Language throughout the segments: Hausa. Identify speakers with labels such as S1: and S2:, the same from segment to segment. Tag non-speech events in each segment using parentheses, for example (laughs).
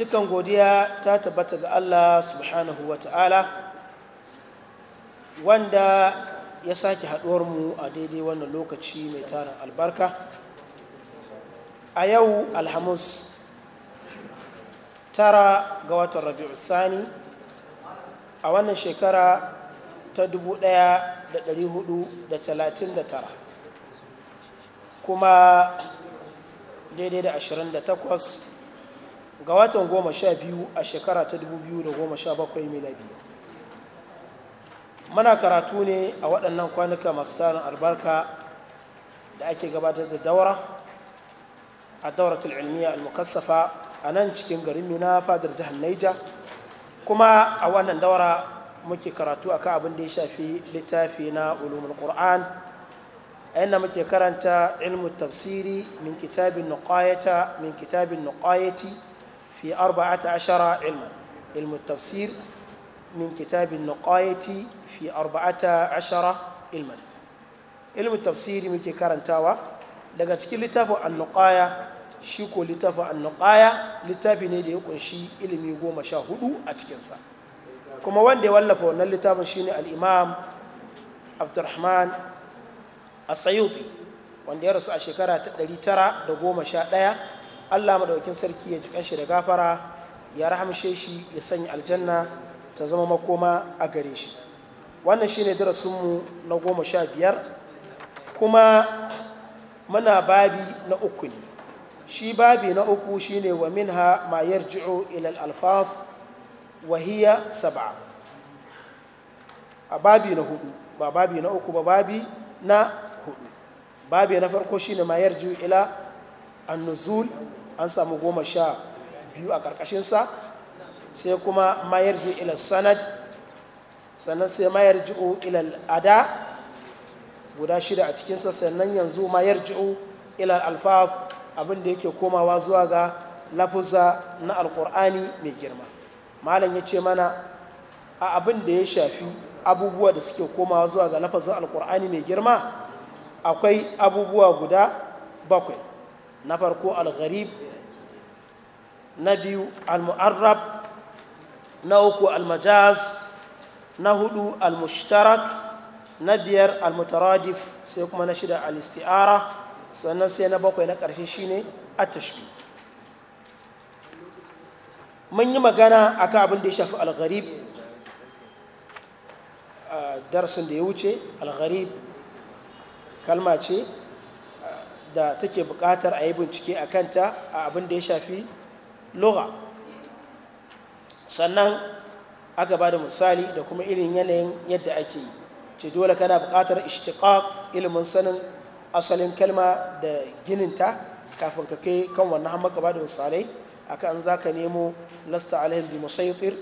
S1: dukan godiya ta tabbata ga Allah subhanahu wa ta'ala wanda ya sake haɗuwar mu a daidai wannan lokaci mai tarin albarka a yau alhamus tara ga watan rabi'u sani a wannan shekara ta 1439 kuma daidai da 28 ga watan goma sha biyu a shekara ta dubu biyu da goma sha bakwai miladi mana karatu ne a waɗannan kwanuka masu tsarin albarka da ake gabatar da daura a dauratul ilmiya al-mukassafa a nan cikin garin mina fadar jihar naija kuma a wannan daura muke karatu akan abin da ya shafi littafi na ulumul qur'an inda muke karanta ilmu tafsiri min kitabin nuqayata min kitabin nuqayati في أربعة عشر علما علم التفسير من كتاب النقاية في أربعة عشر علما علم التفسير من كيكارن تاوى daga cikin littafin annuqaya shi ko littafin annuqaya littafi ne da ya ƙunshi ilimi goma sha hudu a cikinsa kuma wanda ya wallafa wannan littafin shine al-imam abdurrahman as-sayuti wanda ya rasu a shekara ta ɗaya. allah madaukin sarki ya ji kanshi da gafara ya rahamshe shi ya sanya aljanna ta zama makoma a gare shi wannan shi ne darasinmu na goma sha biyar kuma muna babi na uku ne shi babi na uku shi ne wa minha ma mayar ila ilal alfaf wa sab'a a babi na hudu ba babi na uku ba babi na hudu babi na farko shine ma ji'o ila an-nuzul an samu goma sha biyu a ƙarƙashinsa sai kuma mayar ji ilal sanad sannan sai mayar ji'u ilal ada guda shida a cikinsa sannan yanzu mayar ji'u ilal alfaf abin yake komawa zuwa ga lafuza na alƙur'ani mai girma malam ya ce mana a abin da ya shafi abubuwa da suke komawa zuwa ga lafazin alkur'ani mai girma akwai abubuwa guda bakwai na farko al-gharib na biyu al-mu'arrab na uku al-majaz na hudu al-mushtarak na biyar al-mutaradif sai kuma na shida al-isti'ara sannan sai na bakwai na ƙarshe shine at-tashbih mun yi magana akan abin da ya shafi al-gharib darsin da ya wuce al-gharib kalma ce da take buƙatar a yi bincike a kanta a abin da ya shafi lugha sannan aka ba da misali da kuma irin yanayin yadda ake yi ce dole kana buƙatar ishtiqaq ilimin sanin asalin kalma da gininta kafin ka kai kan wannan hamma ka ba da misalai akan za ka nemo lasta alaihim bi musaitir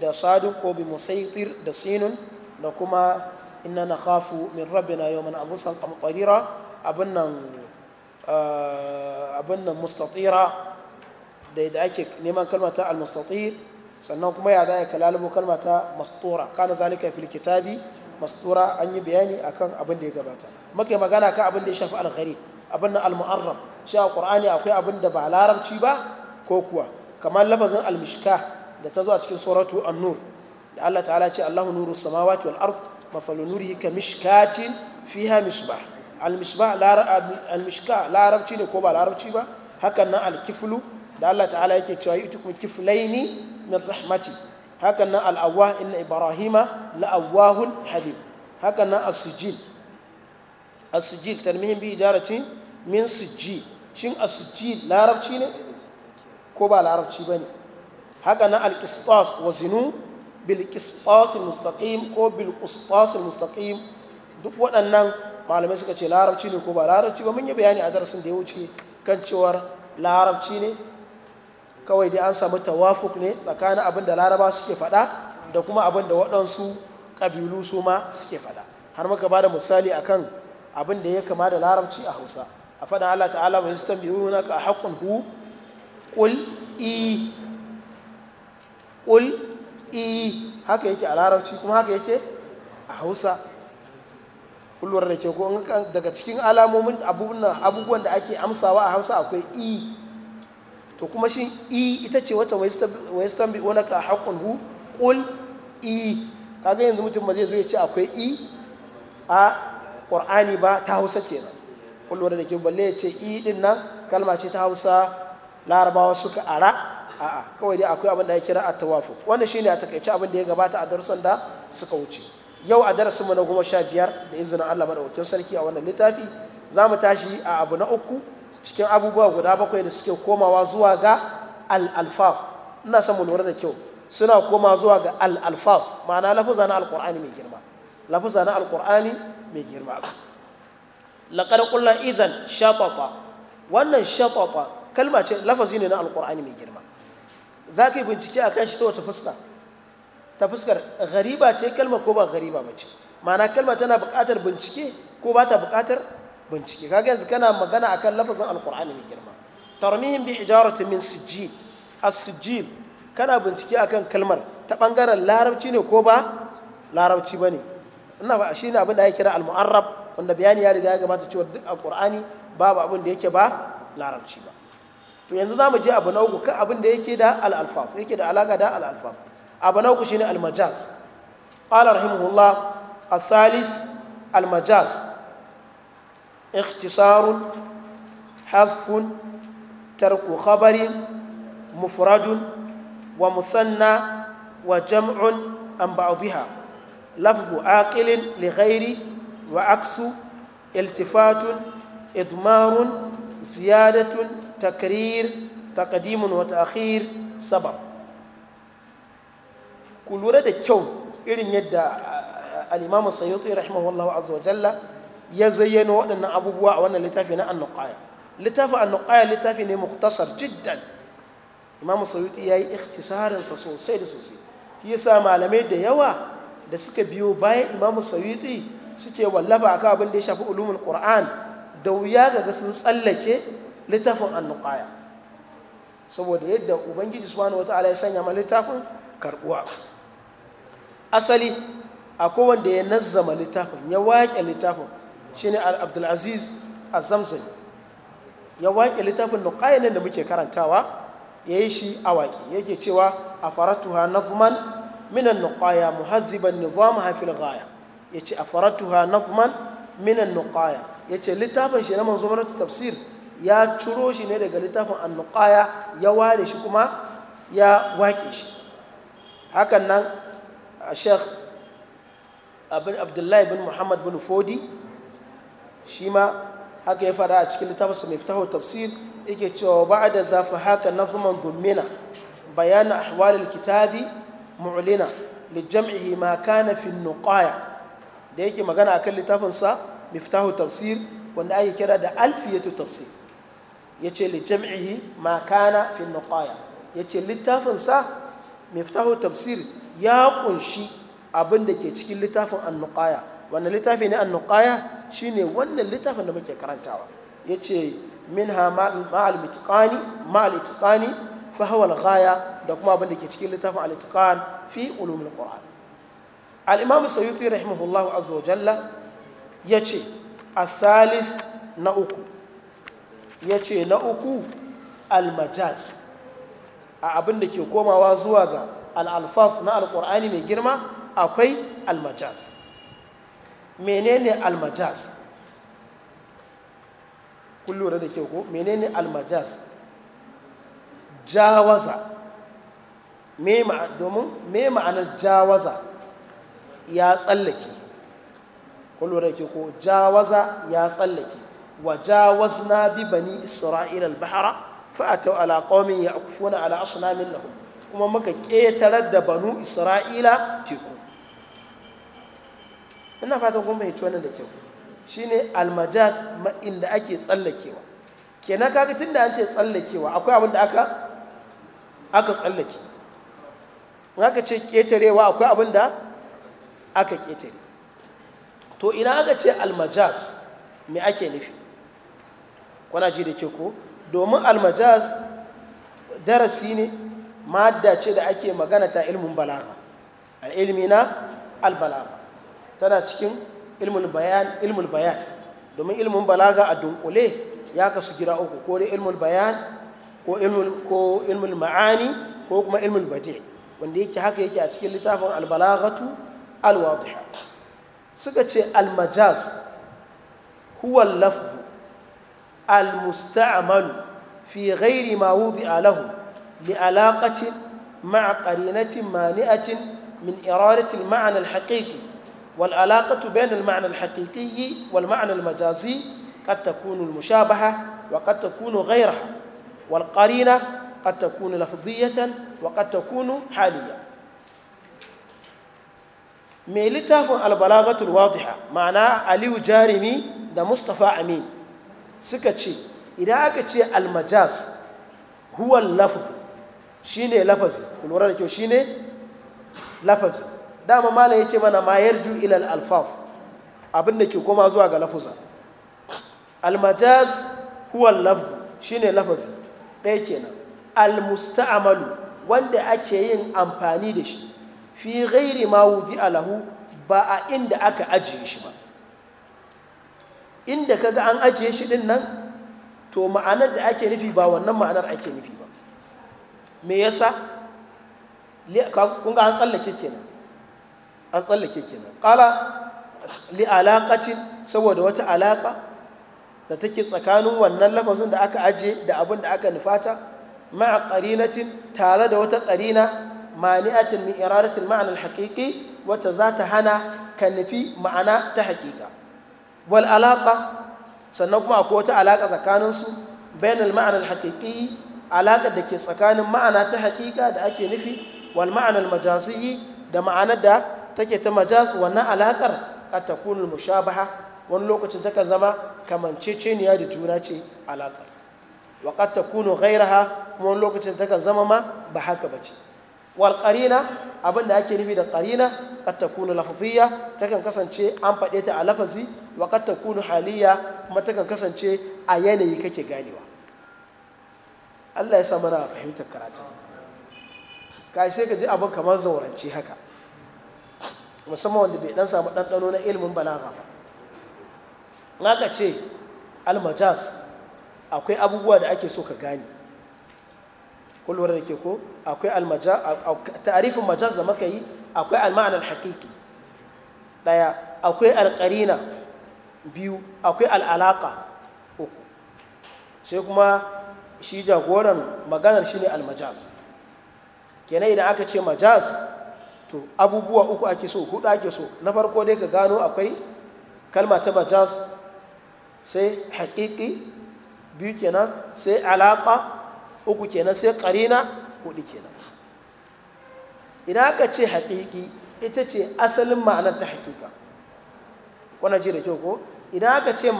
S1: da sadu ko bi musaitir da sinun da kuma inna na khafu min rabbina yawman abusan qamtarira abin nan eh, abin mustatira da yadda ake neman kalmata al-mustatir sannan kuma ya za ka lalubo kalmata mastura kana zalika fil kitabi mastura an yi bayani akan abin da ya gabata makai magana kan abin da ya shafi al-gharib abin nan al shi a qur'ani akwai abin da ba larabci ba ko kuwa kamar lafazin al-mishka da ta zo a cikin suratu an-nur da Allah ta'ala ce Allahu nuru samawati wal ard mafalu nurihi ka mishkatin fiha misbah almishka larabci ne ko ba larabci ba hakan nan alkiflu da Allah ta'ala yake cewa yi tukun kiflaini min rahmati hakan nan al'awwa inna ibrahima la'awwahun habib hakan nan asujil asujil tarmihin bi ijaracin min sujji shin asujil larabci ne ko ba larabci ba ne hakan nan alkistas wa zinu bilkistas mustaqim ko bilkistas mustaqim duk waɗannan malamai suka ce larabci ne ko ba larabci ba mun yi bayani a darasin da ya wuce kan cewar larabci ne kawai dai an samu tawafuk ne tsakanin abin da laraba suke faɗa da kuma abin da waɗansu ƙabilu su ma suke faɗa har muka ba da misali akan abin da ya kama da larabci a hausa a faɗin allah ta'ala wa yusuf yuna ka haƙƙun hu ƙul i ƙul i haka yake a larabci kuma haka yake a hausa kullum da ke ko daga cikin alamomin abubuwan da ake amsawa a hausa akwai i e. to kuma shi i e ita ce wata western bi wani ka haƙun hu ƙul i e. kaga yanzu mutum ba zai zo ya ce akwai i a ƙwar'ani ba ta hausa kenan kullum da ke balle ya ce i din nan kalma ce ta hausa larabawa suka ara a'a kawai dai akwai abin da ya kira a tawafu wannan shine a takaice abin da ya gabata a darussan da suka wuce yau a darasin mu na goma sha biyar da izinin Allah madaukakin sarki a wannan littafi za mu tashi a abu na uku cikin abubuwa guda bakwai da suke komawa zuwa ga al-alfaf ina son mu lura da kyau suna koma zuwa ga al-alfaf ma'ana lafuza na alƙur'ani mai girma lafuza na alƙur'ani mai girma laqad ƙullan izan shatata wannan shatata kalma ce lafazi ne na alqur'ani mai girma zaka yi bincike kan shi ta wata fuska ta fuskar gariba ce kalma ko ba gariba ba ce ma'ana kalma tana buƙatar bincike ko ba ta buƙatar bincike kaga yanzu kana magana akan lafazin alkur'ani mai girma tarmihim bi hijaratin min sijjil as-sijjil kana bincike akan kalmar ta bangaren larabci ne ko ba larabci bane ina ba shine abin da ya kira al-mu'arrab wanda bayani ya riga ya gabata cewa duk alqur'ani babu abin da yake ba larabci ba to yanzu za mu je abu na uku kan abin da yake da al'alfas yake da alaƙa da al'alfas abu na uku shi ne almajaz ƙala rahimahullah a thalis almajaz ikhtisarun haifun tarku khabari mufradun wa musanna wa jam'un an ba'adiha lafifu aqilin lighairi wa aksu iltifatun idmarun ziyadatun takirir takadimun wa ta'akhir sabab ku lura da kyau irin yadda al-imamu sayyuti rahimahullahu azza wa jalla ya zayyano waɗannan abubuwa a wannan littafi na annuqaya littafin annuqaya littafi ne muktasar jiddan imamu sayyuti ya yi ikhtisarin sa sosai da sosai shi yasa malamai da yawa da suka biyo bayan imamu sayyuti suke wallafa akan abin da ya shafi ulumul qur'an da wuya ga sun tsallake littafin annuqaya saboda yadda ubangiji subhanahu wataala ya sanya ma littafin karbuwa asali akwai wanda ya nazzama littafin ya waƙe littafin shi ne abdulaziz zamzani ya waƙe littafin nuqayin da muke karantawa ya yi shi a waƙe yake cewa a na nazman minan nuqaya muhazziban haifin gaya ya ce a na nazman minan ya ce littafin shi na manzo tafsir ya ciro shi ne daga littafin nukaya ya ware shi kuma ya waƙe shi hakan nan A abin abdullahi bin muhammad bin fodi shi ma haka ya fara a cikin littafinsa mai fitaho tafsir yake cewa ba da zafi haka na zuman zulmina bayanin ahwalil kitabi mu'lina lijam'ihi ma kana fi da yake magana akan littafinsa miftahu tafsir wanda ake kira da alfiyatu tafsir yace lijam'ihi ma kana littafinsa tafsir ya kunshi abin da ke cikin littafin annukaya wannan littafi ne annukaya shi ne wannan littafin da muke karantawa ya ce min ha ma'alitikani fi fa huwa da kuma abin da ke cikin littafin alitikan fi ulumin ƙoran al'imamu imam rahimahullahu azza wa ya ce a na uku ya ce na uku almajaz a abin da ke komawa zuwa ga al'alfaf na alƙur'ani mai girma akwai almajas menene almajas kun lura da ke ko menene almajas jawaza domin ma'anar jawaza ya tsallake kun da ke ko jawaza ya tsallake wa jawazna bi bani isra'ila al-bahara fa atau ala qaumin ya'kufuna ala asnamin lahum kuma muka ƙetarar da banu isra'ila teku ina fatan kuma mai wannan da kyau ne almajas inda ake tsallakewa na kaga da an ce tsallakewa akwai abin da aka aka tsallake aka ce ƙetarewa akwai abin da aka ƙetare to ina aka ce almajas me ake nufi kuna ji da ke ko domin almajas darasi ne madda ce da ake magana ta ilmin balaga a ilmi na albalaga tana cikin ilmul bayan bayan domin ilmin balaga a dunkule ya kasu gida uku ko da ilmul bayan ko ma'ani ko kuma ilmin badi wanda yake haka yake a cikin littafin albalagatu alwadiha suka ce almajaz huwa lafzu almusta'malu fi ghairi ma wudi'a lahu لعلاقة مع قرينة مانعة من إرادة المعنى الحقيقي والعلاقة بين المعنى الحقيقي والمعنى المجازي قد تكون المشابهة وقد تكون غيرها والقرينة قد تكون لفظية وقد تكون حالية mai littafin albalagatul wadiha ma'ana aliyu jarimi da mustapha amin suka ce idan aka ce almajaz huwa lafufu shine lafazi lura da kyau shine lafazi dama malam yace mana mayar yarju alfaf abin da ke koma zuwa ga lafuza al majaz huwa lafz shine lafazi ɗaya kenan al musta'malu wanda ake yin amfani da shi fi ghairi ma wudi alahu ba a inda aka ajiye shi ba inda kaga an ajiye shi din nan to ma'anar da ake nufi ba wannan ma'anar ake nufi ba me yasa kun ga an tsallake kenan an tsallake kenan kala li alaƙacin saboda wata alaƙa da take tsakanin wannan lafazin da aka aje da abin da aka nufata ma'a ƙarinatin tare da wata ƙarina mani'atin min iraratin ma'ana al wacce za ta hana ka nufi ma'ana ta haƙiƙa wal alaƙa, sannan kuma akwai wata alaƙa tsakaninsu bainal ma'ana al alaƙar da ke tsakanin ma'ana ta haƙiƙa da ake nufi wal ma'anar majasiyi da ma'anar da take ta majas wannan alaƙar a takunul mushabaha wani lokacin ka zama kamanceceniya da juna ce alaƙar wa qad takunu kuma wani lokacin ka zama ma ba haka ce wal abin abinda ake nufi da qarina qad takunu ta takan kasance an faɗe ta a lafazi wa qad haliyya kuma takan kasance a yanayi kake ganewa Allah ya sa mana fahimtar karatun ka sai ka ji abin kamar zaurance haka musamman wanda bai dan samu ɗanɗano na ilimin balaga ba haka ce almajas akwai abubuwa da ake so ka gane kullum da ke ko akwai almajas tarifin majas da maka yi akwai alma'anar hakiki ɗaya akwai alƙarina biyu akwai alalaka uku sai kuma shi jagoran maganar shi ne almajas kenan idan aka ce majas to abubuwa uku ake so hudu ake so na farko dai ka gano akwai kalma ta majas sai haƙiƙi biyu kenan sai alaƙa uku kenan sai ƙarina hudu kenan idan aka ce haƙiƙi ita ce asalin ma'anar ta haƙiƙa wannan ji da kyau ko idan aka ce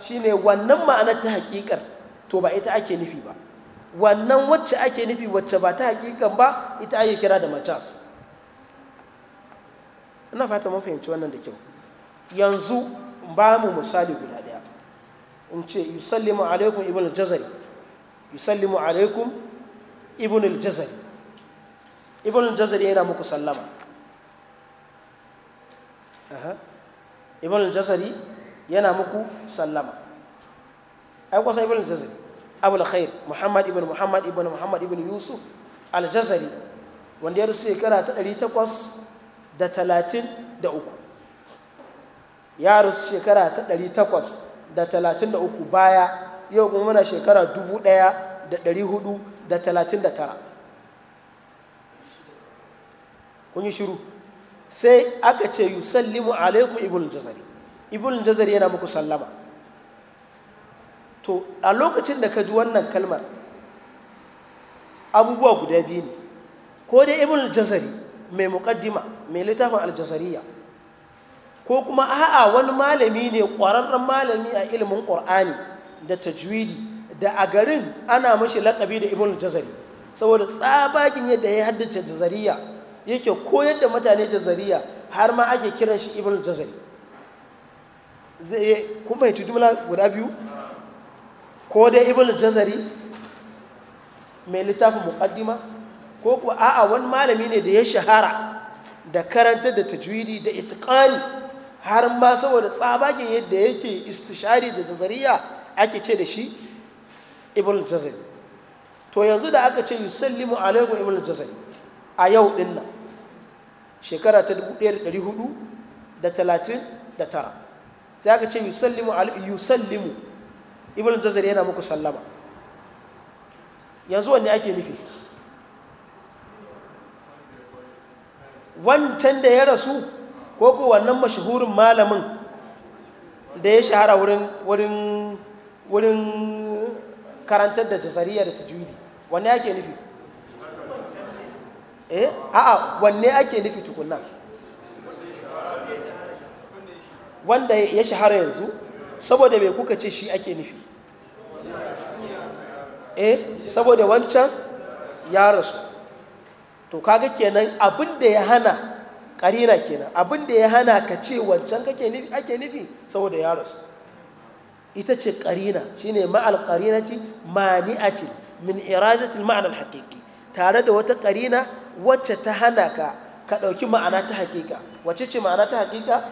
S1: shi ne wannan ma'anar ta haƙiƙar to ba ita ake nufi ba wannan wacce ake nufi wacce ba ta hakikan ba ita ake kira da majas ina fata mun fahimci wannan da kyau yanzu ba mu misali guda daya in ce yusallimu alaikum ibn al-jazari yusallimu alaikum ibn al-jazari ibn al-jazari yana muku sallama aha ibn al-jazari yana muku sallama ai kwasa ibn al-jazari abul khair muhammad ibn muhammad ibn muhammad ibn yusuf al-jazari wanda ya rusu shekara ta 833 ya rusu shekara ta 833 baya yau kuma muna shekara 1439 kun yi shiru sai aka ce yusallimu alaikun ibn jazari ibn jazari yana muku sallama to a lokacin da ka ji wannan kalmar abubuwa guda biyu ne ko dai ibn al-jazari mai muqaddima mai littafin al-jazariya ko kuma a'a wani malami ne ƙwararren malami a ilimin ƙur'ani da tajwidi da a garin ana mashi laƙabi da ibn al jazari saboda tsabakin yadda ya haddace jazariya yake koyar da mutane jazariya har ma ake kiran shi ibn al jazari zai kuma ya guda biyu ko dai ibn jazari mai littafin muqaddima ko kuwa a'a wani malami ne da ya shahara da karanta da tajwidi da itqani har ma saboda tsabagen yadda yake istishari da jazariya ake ce da shi ibn jazari to yanzu da aka ce yusallimu alaikum ibn jazari a yau din nan shekara ta 1439 sai aka ce yusallimu yusallimu ibn jazari yana muku sallama yanzu wanne ake nufi wancan da ya rasu ko ko wannan mashahurin malamin da ya shahara wurin wurin karantar da jazariya da tajwidi wanne ake nufi eh a'a wanne ake nufi tukunna wanda ya shahara yanzu saboda mai kuka ce shi ake nufi eh saboda wancan ya rasu to kaga kenan abin da ya hana karina kenan abin da ya hana ka ce wancan kake nufi ake nufi saboda ya rasu ita ce karina shine ma'al qarinati mani min iradati al-ma'na al-haqiqi tare da wata karina wacce ta hana ka ka ɗauki ma'ana ta hakika wacce ce ma'ana ta hakika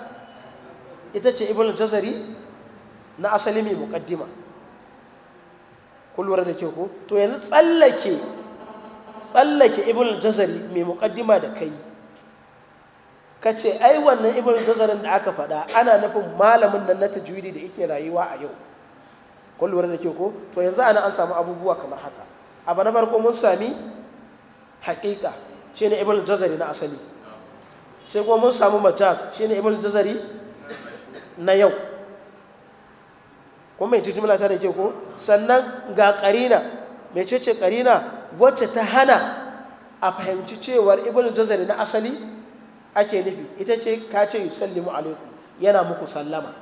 S1: ita ce ibn jazari na asali mai mukaddima kullum da ke ko to yanzu tsallake tsallake ibn jazari mai mukaddima da kai ka ce ai wannan ibn jazarin da aka faɗa ana nufin malamin nan na tajwidi da yake rayuwa a yau kullum da ke ko to yanzu ana an samu abubuwa kamar haka abu na farko mun sami haƙiƙa shine ibn jazari na asali sai kuma mun samu majas shine ibn jazari na yau kuma mai jimla ta da ke ko sannan ga karina mai cece karina wacce ta hana a fahimci cewar ibn jazari na asali ake nufi ita ce ka ce yusallimu alaikum yana muku sallama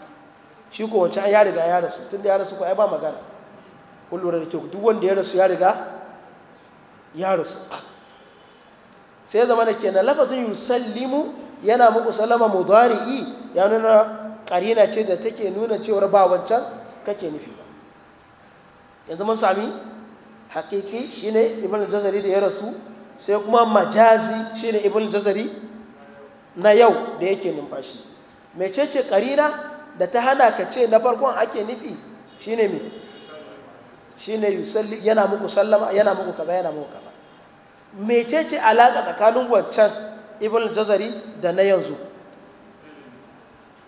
S1: shi ko wancan ya riga ya rasu tun da ya rasu ko ai ba magana kun lura da ke duk wanda ya rasu ya riga ya rasu sai zama da ke na lafazin yusallimu yana muku sallama mudari'i ya nuna karina ce da take nuna cewar ba wancan kake nufi ba yanzu mun sami hakiki shine ibn jazari da ya rasu sai kuma majazi shine ibn jazari na yau da yake numfashi mecece karina da ta hana ka ce na farkon ake nufi shine me shine yusalli yana muku sallama yana muku kaza yana muku kaza mecece alaka tsakanin wancan ibn jazari da na yanzu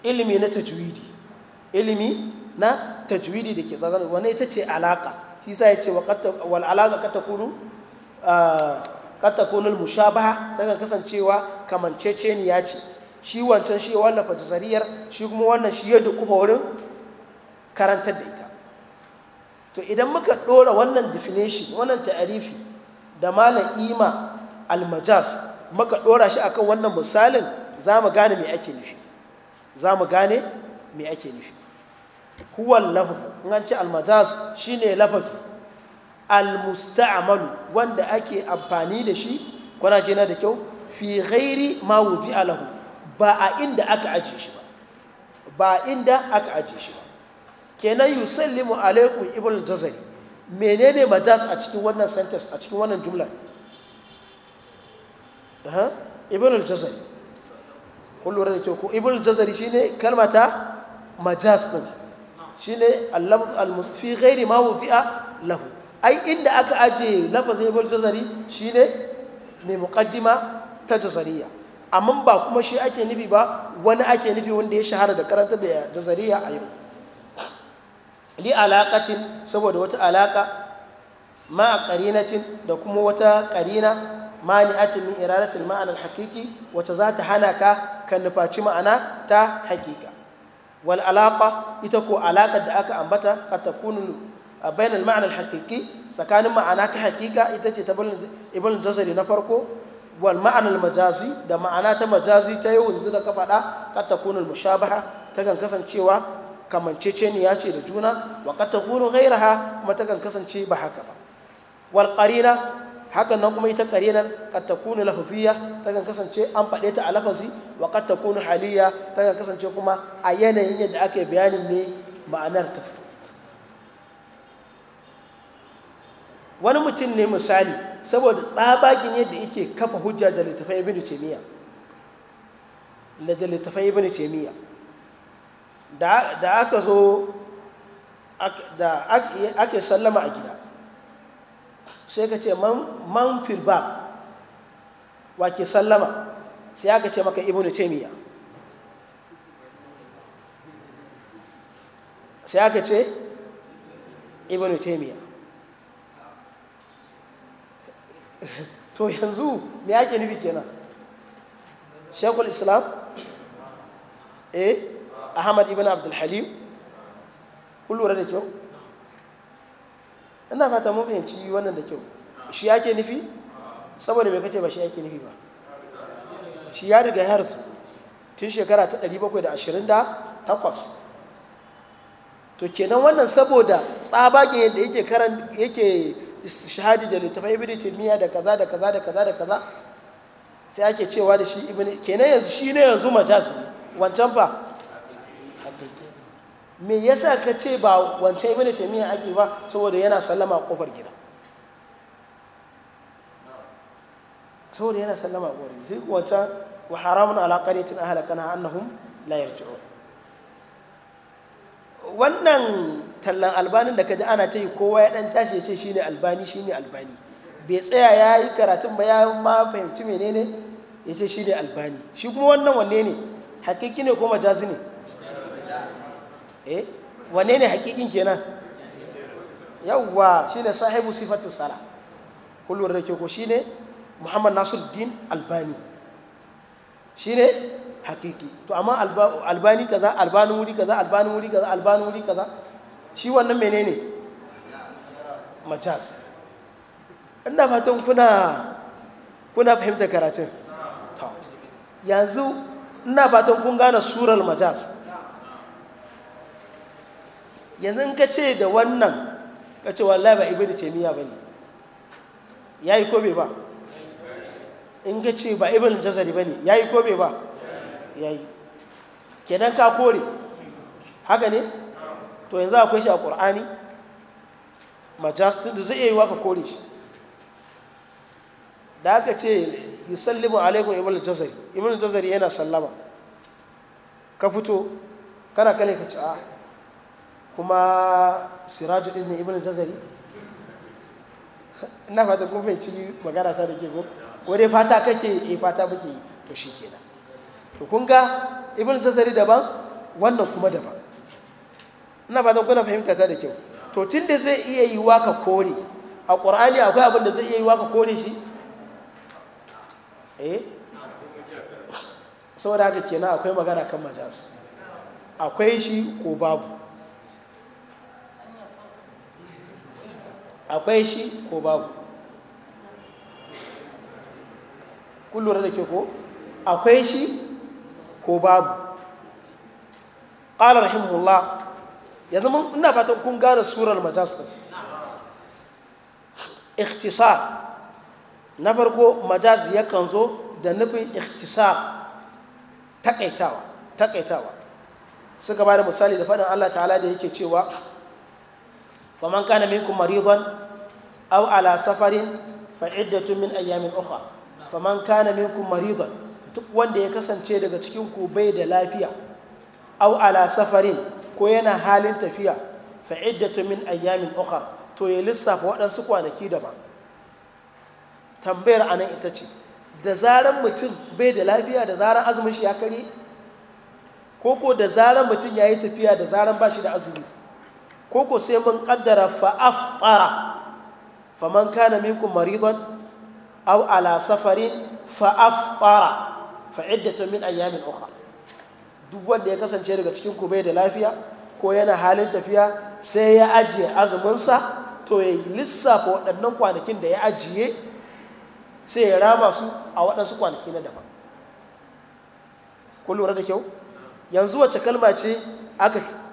S1: ilimi na tajwidi ilimi na tajwidi da ke tsakanin wani ita ce alaka shi sa ya ce wal alaka ka kunul kunu ta kasancewa kamancece kan kasancewa kamanceceniya ce shi wancan shi ya wallafa zariyar, shi kuma wannan shi ya kuma wurin karantar da ita to idan muka ɗora wannan definition wannan ta'arifi da malam ima almajas muka ɗora shi akan wannan misalin za mu gane me ake nufi za mu gane me ake nufi huwa lafafu in an ce almajaz shine lafazi almusta'malu wanda ake amfani da shi kwana ce na da kyau fi ghairi ma wudi'a alahu ba a inda aka aji shi ba ba inda aka aji shi ba kenan yusallimu alaikum ibn jazari menene majaz a cikin wannan sentence a cikin wannan jumla ibn jazari kun da kyau ko ibn al-jazari shine kalmata majaz din shine ne lafz al-musfi ghairi ma wudi'a lahu ai inda aka aje lafazin bar jazari shine mai muƙaddima ta jazariya amma ba kuma shi ake nufi ba wani ake nufi wanda ya shahara da karanta da jazariya a yau li alaqatin saboda wata alaka ma qarinatin da kuma wata qarina mani'atin min iradatil ma'anar hakiki wacce za ta hana ka ka nufaci ma'ana ta hakika wal alaƙa ita ko alaƙar da aka ambata qad takunu bainal ma'anar al tsakanin ma'ana ta haqiqa ita ce ta ibn jazari na farko wal ma'anar majazi da ma'ana ta majazi ta yau yanzu da ka faɗa qad mushabaha ta kan kasancewa kamanceceniya ce da juna wa qad takunu ghayraha kuma ta kan kasance ba haka ba wal qarina hakan nan kuma ita nan kad takunu lafafiyya ta kan kasance an faɗe ta a lafazi wa kad takunu haliya ta kan kasance kuma a yanayin yadda ake bayanin ne ma'anar ta fito wani mutum ne misali saboda tsabakin yadda yake kafa hujja da littafai ibn taymiya da littafai ibn taymiya da aka zo da ake sallama a gida sai ka ce man fil bab wa sallama sai aka ce maka ibnu taymiya sai aka ce ibnu taymiya (laughs) to yanzu me ake nufi kenan shekul islam eh ahmad ibn abdul kullum kun lura da kyau ina fata mun fahimci wannan da kyau shi yake nufi saboda mai kace ba shi yake nufi ba shi ya riga ya rasu tun shekara ta 728 to kenan wannan saboda tsabage yadda yake karan yake shahadi da littafai ibn taymiya da kaza da kaza da kaza da kaza sai ake cewa da shi ibn kenan yanzu shi ne yanzu majasi wancan fa hakiki me yasa ka ce ba wancan ibn taymiya ake ba saboda yana sallama a kofar gida saboda yana sallama a kofar gida sai wancan wa haramun ala qaryatin ahlakana annahum la yarji'un wannan tallan albanin da ka ji ana ta yi kowa ya dan tashi ya ce shine albani shine albani bai tsaya ya yi karatun ba ya ma fahimci menene ya ce shine albani shi kuma wannan wanne ne hakiki ne ko majazi ne eh wane ne hakikin kenan yawwa shine sahibu sifatin sala kullum da ke ko shine muhammad nasiruddin albani shine hakiki to amma albani kaza albani wuri kaza albani wuri kaza albani wuri kaza shi wannan menene majas ina fatan kuna kuna fahimta karatun yanzu ina fatan kun gane surar majas yanzu in ka ce da wannan ka ce wallahi ba ibnu taymiya bane yayi ko bai ba in ka ce ba ibnu jazari bane yayi ko bai ba yayi kenan ka kore haka ne to yanzu akwai shi a qur'ani majastin da zai yi wa ka kore shi da aka ce yusallimu alaikum ibnu jazari ibnu jazari yana sallama ka fito kana kale ka ce a'a ah, kuma siraju din ne ibn jazari na fata kun fahimci magana ta da ke ko ko fata kake eh fata muke to shi ke nan to kun ga ibn jazari daban wannan kuma daban ina fata kuna fahimta ta da kyau to tun da zai iya yi wa ka kore a ƙur'ani akwai abin da zai iya yi wa ka kore shi eh saboda haka kenan akwai magana kan majas akwai shi ko babu akwai shi ko babu kullum da ke ko akwai shi ko babu ƙalar rahimahullah yanzu ina fatan kun gane surar majas ɗin na farko majaz yakan zo da nufin ikhtisa takaitawa takaitawa suka ba da misali da faɗin Allah ta'ala da yake cewa faman kana minkum maridan aw ala safarin fa iddatun min ayyamin ukhra faman kana minkum maridan duk wanda ya kasance daga cikin ku bai da lafiya Au ala safarin ko yana halin tafiya fa iddatun min ayyamin ukhra to ya lissafa waɗansu kwanaki daban tambayar anan ita ce da zaran mutum bai da lafiya da zaran azumin shi ya kare ko ko da zaran mutum yayi tafiya da zaran bashi da azumi ko ko sai mun kaddara fa aftara faman kana minkum maridan aw ala safarin fa aftara fa iddatu min ayamin ukhra duk wanda ya kasance daga cikin ku bai da lafiya ko yana halin tafiya sai ya ajiye azumin sa to ya lissafa waɗannan kwanakin da ya ajiye sai ya rama su a waɗansu kwanaki na daban kun da kyau yanzu wacce kalma ce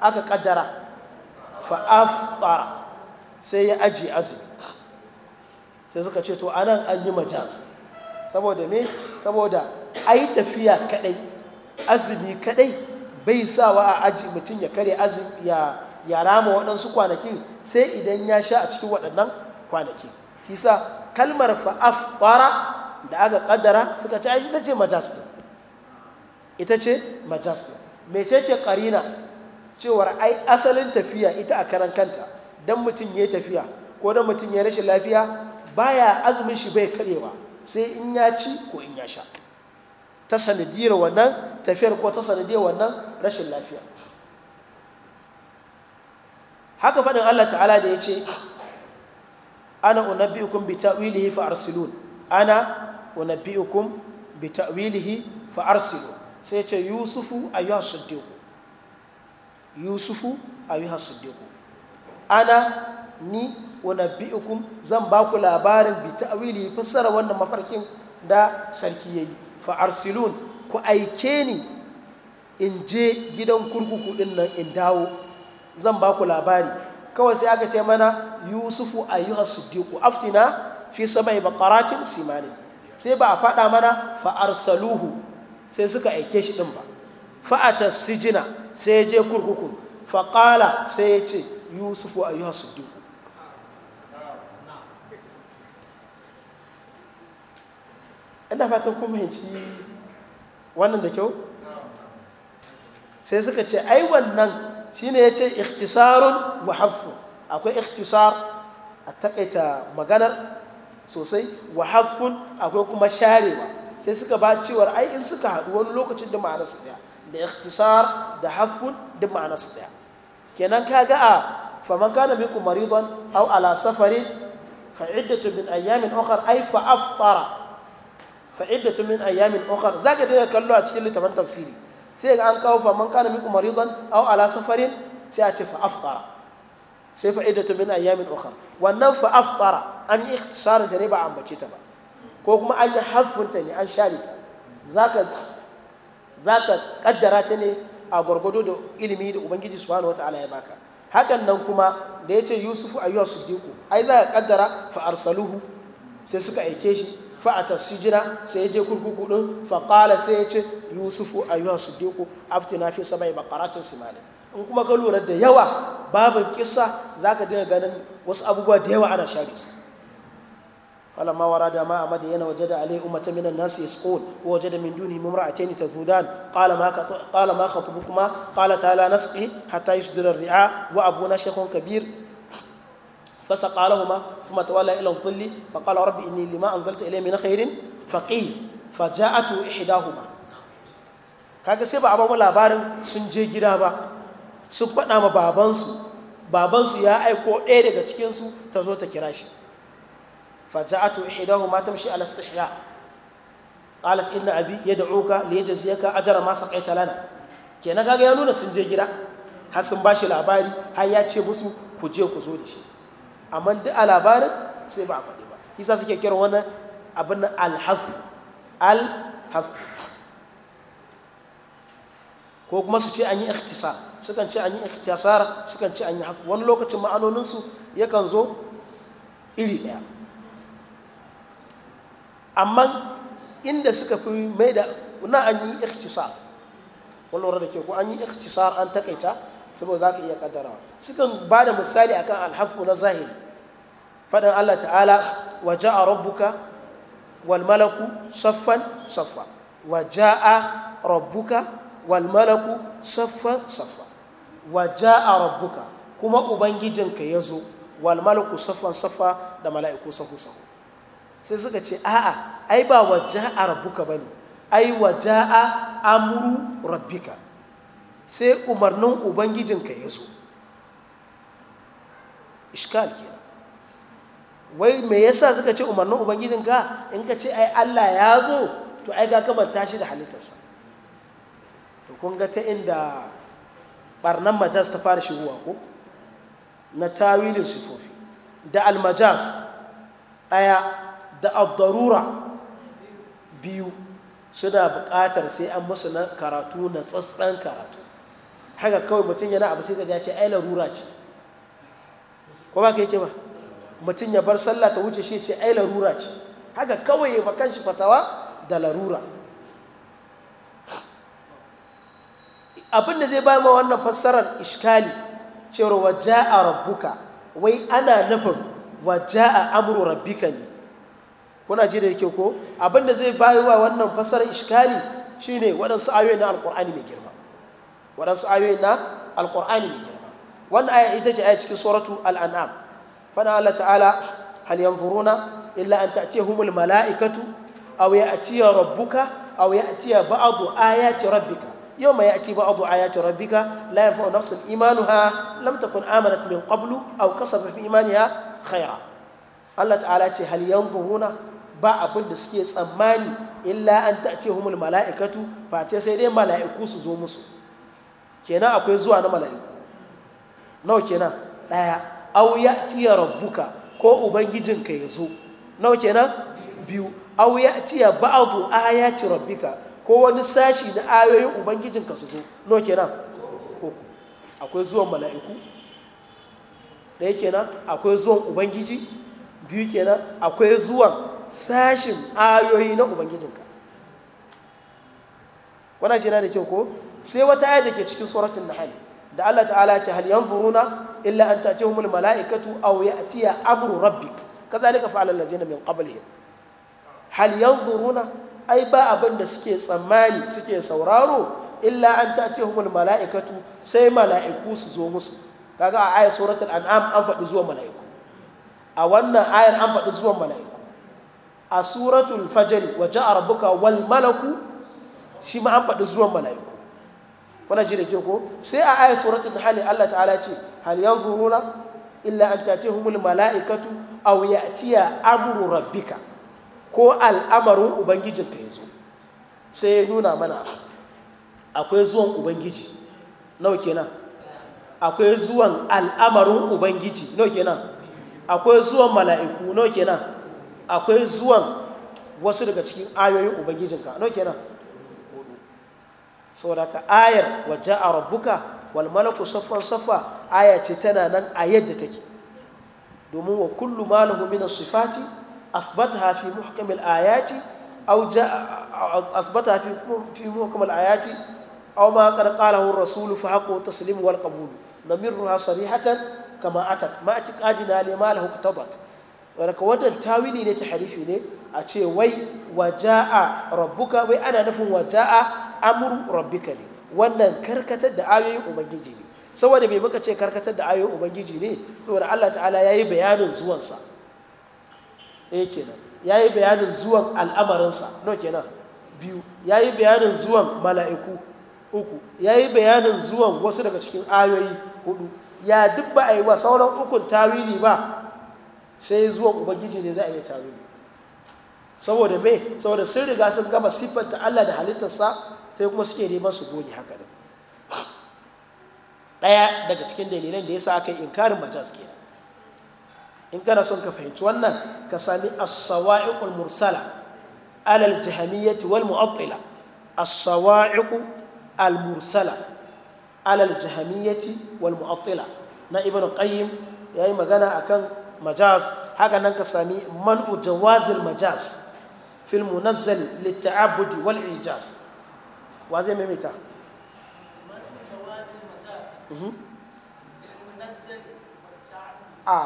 S1: aka kaddara fa'afta sai ya aji azumi sai suka ce to anan an yi majas saboda me saboda ai tafiya kadai azumi kadai bai sawa a aji mutum ya kare azumi ya ya rama waɗansu kwanakin sai idan ya sha a cikin waɗannan kwanakin kisa kalmar fa'aftara da aka kaddara suka ce ai ita ce majas ita ce majas ce karina cewar ai asalin tafiya ita a karan kanta don mutum ya tafiya ko don mutum ya rashin lafiya baya azumin shi bai karewa sai in ya ci ko in ya sha ta sanadiyar wannan tafiyar ko ta sanadiyar wannan rashin lafiya haka faɗin Allah ta'ala da ya ce ana unabbi'ukum bi ta'wilihi fa arsilun ana unabbi'ukum bi ta'wilihi fa arsilun sai ce yusufu ayyuhas siddiq yusufu ayyuha siddiqu ana ni wani bi'ukum zan ba ku labarin bi ta'wili fassara wannan mafarkin da sarki yayi yi arsilun ku aike ni in je gidan kurkuku din nan in dawo zan ba ku labari kawai sai aka ce mana yusufu ayyuha siddiqu aftina fi sama'i baqaratin simanin sai ba a faɗa mana fa'arsaluhu saluhu sai suka aike shi din ba fa’atar sijina sai ya je kurkuku faƙala sai ya ce yusufu a yuha duku ina fatan kuma yanci wannan da kyau sai suka ce ai wannan shine ya ce ikhtisarun wahaffu akwai ikhtisar a takaita maganar sosai wahafin akwai kuma sharewa sai suka ba cewar ai in suka haɗu wani lokacin da ma'ana su ɗaya da ikhtisar da hafun duk ma'ana daya kenan kaga a faman kana minkum maridan aw ala safarin fa iddatu min ayyamin ukhra ay fa aftara fa iddatu min ayyamin ukhra zaka da kallo a cikin littafin tafsiri sai ga an kawo faman kana minkum maridan aw ala safarin sai a ce fa aftara sai fa iddatu min ayyamin ukhra wannan fa aftara an yi ikhtisar da ne ba bace ta ba ko kuma an yi ta ne an sharita zaka za ka kaddara ta ne a gwargwado da ilimi da ubangiji su wani wataala ya baka hakan nan kuma da ya ce yusufu ayyuwa siddiqu ai za ka kaddara fa’ar saluhu sai suka aike shi fa sijina sai ya je kurkuku ɗin faƙala sai ya ce yusufu ayyuwa siddiqu na fi sabai su mali in kuma ka lura da yawa babin kisa za ka dinga ganin wasu abubuwa da yawa ana share su wala ma wara da ma amma da yana wajada alai ummatan minan nas yasqul wa wajada ta duni mumra'atayn tazudan qala ma qala ma khatubukuma qala ta'ala nasqi hatta yusdira ar-ri'a wa abuna shaykhun kabir fasaqa lahumma thumma tawalla ila dhilli fa qala rabbi inni lima anzalta ilayya min khairin faqi fa ja'atu ihdahuma kaga sai ba a abawa labarin sun je gida ba su fada ma babansu babansu ya aiko ɗaya daga cikinsu ta zo ta kira shi فجاءته إحداهما تمشي على استحياء قالت إن أبي يدعوك ليجزيك أجر ما سقيت لنا kenan kaga ya nuna sun je gida har sun bashi labari har ya ce musu ku je ku zo da shi amma duk a labarin sai ba a faɗi ba isa suke kiran wannan abin na alhafi alhafi. ko kuma su ce an yi ikhtisar sukan ce an yi ikhtisar sukan ce an yi hafu wani lokacin ma'anoninsu yakan zo iri ɗaya amma inda suka fi mai da na an yi ikhtisar wani da ke ko an yi ikhtisar an takaita saboda za ka iya kaddarawa Suka ba da misali akan alhafu na zahiri faɗin allah ta'ala wa a rabbuka wal malaku saffan saffa wa a rabbuka wal malaku saffan saffa wa ja'a rabbuka kuma ubangijinka ya zo wal malaku saffan saffa da mala'iku sahu sahu sai suka ce a'a ai ba waja'a ba ne ai waja'a amuru rabbika sai umarnin ubangijinka ya zo iskal ke wai me yasa suka ce umarnin ubangijinka in ka ce ai Allah ya zo to ai ga kamanta shi da halittarsa to kun ga ta inda barnan majas ta fara shigowa ko na tawilin sifofi da almajas ɗaya da abdarura biyu suna buƙatar sai an musu na karatu na tsatsan karatu haka kawai mutum yana abu sai ka jace ai larura ce ko ba ka yake ba mutum ya bar sallah ta wuce shi ce ai larura ce haka kawai ya kan shi fatawa da larura abin da zai ba ma wannan fassarar iskali cewar waja'a rabbuka wai ana nufin waja'a amru rabbika ne kuna ji da yake ko abinda zai bayi wa wannan fasarar iskali shine waɗansu ayoyi na alƙur'ani mai girma waɗansu ayoyi na alƙur'ani mai girma wannan aya ita ce aya cikin suratu al'an'am fana Allah ta'ala hal yanzuruna illa an ta'tiyahumul mala'ikatu aw ya'tiya rabbuka aw ya'tiya ba'du ayati rabbika يوم يأتي بعض آيات ربك لا ينفع نفسا إيمانها لم تكن آمنت من قبل أو كسبت في إيمانها Allah Ta'ala ce هل ينظرون ba abin da suke tsammani illa an ta'ce humul mala'ikatu face sai dai mala'iku su zo musu kenan akwai zuwa na mala'iku nau kenan daya ya tiya rabbuka ko ubangijin ya zo nau kenan biyu ba'adu ya'tiya ba'du ayati rabbika ko wani sashi na ayoyin ka su zo nau kenan akwai zuwan mala'iku ɗaya kenan akwai zuwan ubangiji biyu kenan akwai zuwan sashin ayoyi na ubangijinka wana ce na da kyau ko sai wata ayar da ke cikin tsoratun hali. da Allah ta'ala ce hal furuna. illa an humul mala'ikatu aw ya'tiya amru rabbik kadhalika fa'ala allazina min qablihim hal furuna. ai ba abin da suke tsammani suke sauraro illa an humul mala'ikatu sai mala'iku su zo musu kaga a ayar tsoratun an faɗi zuwa mala'iku a wannan ayar an faɗi zuwa mala'iku a suratul fajr wa ja'a rabbuka wal malaku shi ma an faɗi zuwan mala'iku wannan shi da ke ko sai a ayat suratul hali Allah ta'ala ce hal yanzuruna illa an tatihumul mala'ikatu aw ya'tiya amru rabbika ko al'amarin ubangijinka yazo sai ya nuna mana akwai zuwan ubangiji nawa kenan akwai zuwan al'amarin ubangiji nawa kenan akwai zuwan mala'iku nawa kenan akwai zuwan wasu daga cikin ayoyin ubangijinka no kenan So saboda ka ayar waje a rabbuka wal malaku saffan saffa aya ce tana nan a yadda take domin wa kullu ma lahu min as-sifati athbatha fi muhkam al-ayati aw athbatha fi fi muhkam al-ayati aw ma qad qalahu ar-rasul fa haqqu taslim wal qabul namirruha sarihatan kama atat ma atiqadina lima lahu qatadat wadda wannan tawili ne ta harifi ne a ce wai waja'a rabbuka wai ana nufin waja'a amuru rabbuka ne wannan karkatar da ayoyin ubangiji ne saboda bai muka ce karkatar da ayoyin ubangiji ne saboda Allah ta'ala yayi bayanin zuwansa eh kenan yayi bayanin zuwan al'amarinsa no kenan biyu yayi bayanin zuwan mala'iku uku yayi bayanin zuwan wasu daga cikin ayoyi hudu ya duk ba a yi wa sauran ukun tawili ba sai zuwa ubangiji ne za a iya taru saboda me saboda sun riga sun gama siffata Allah da halittarsa sai kuma suke neman su goge haka din ɗaya daga cikin dalilan da yasa aka yi inkarin majaz kenan in kana son ka fahimci wannan ka sami as-sawa'iqul mursala alal al-jahmiyyah wal mu'attila as-sawa'iq al-mursala alal al wal mu'attila na ibn qayyim yayi magana akan majaz haka nan ka sami man'u jawazil majaz fil munazzal litta'abudi wal ijaz wa zai maimaita mhm. a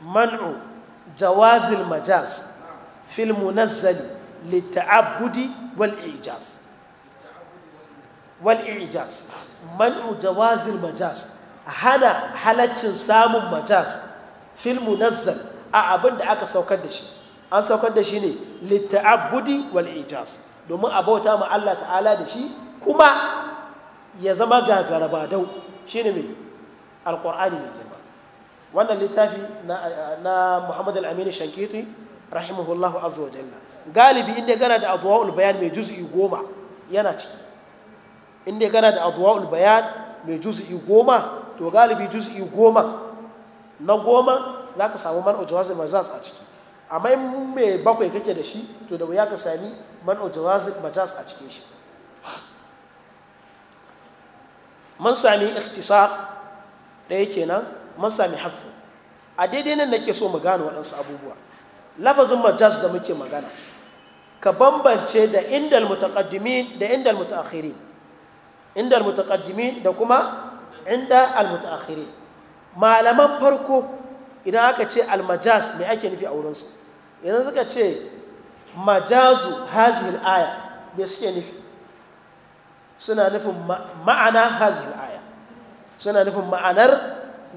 S1: man'u jawazil majaz fil munazzal litta'abudi wal ijaz wal ijaz man'u jawazil majaz hana halaccin samun majaz Filmu munazzal a abin da aka saukar da shi an saukar da shi ne litta'abudi wal ijaz domin a bauta ma Allah ta'ala da shi kuma ya zama gagara ba dau ne. mai alqur'ani mai girma wannan littafi na Muhammad al-Amin Shankiti rahimahullahu azza wa galibi inda gana da adwaul bayan mai juz'i goma yana ciki inda gana da adwaul bayan mai juz'i goma to galibi juz'i goma na goma za ka samu man zai majas a ciki amma in mai bakwai kake da shi to da wuya ka sami man zai majas a cikin shi man sami da ɗaya kenan man sami hafi a daidai nan nake so mu gane waɗansu abubuwa lafazin majas da muke magana ka bambance da indal mutaqaddimin da indal mutaakhirin indal mutaqaddimin da kuma inda al mutaakhirin malaman farko idan aka ce almajas mai ake nufi a wurinsu idan suka ce majazu hazihil aya me suke nufi suna nufin ma'ana hazihil aya suna nufin ma'anar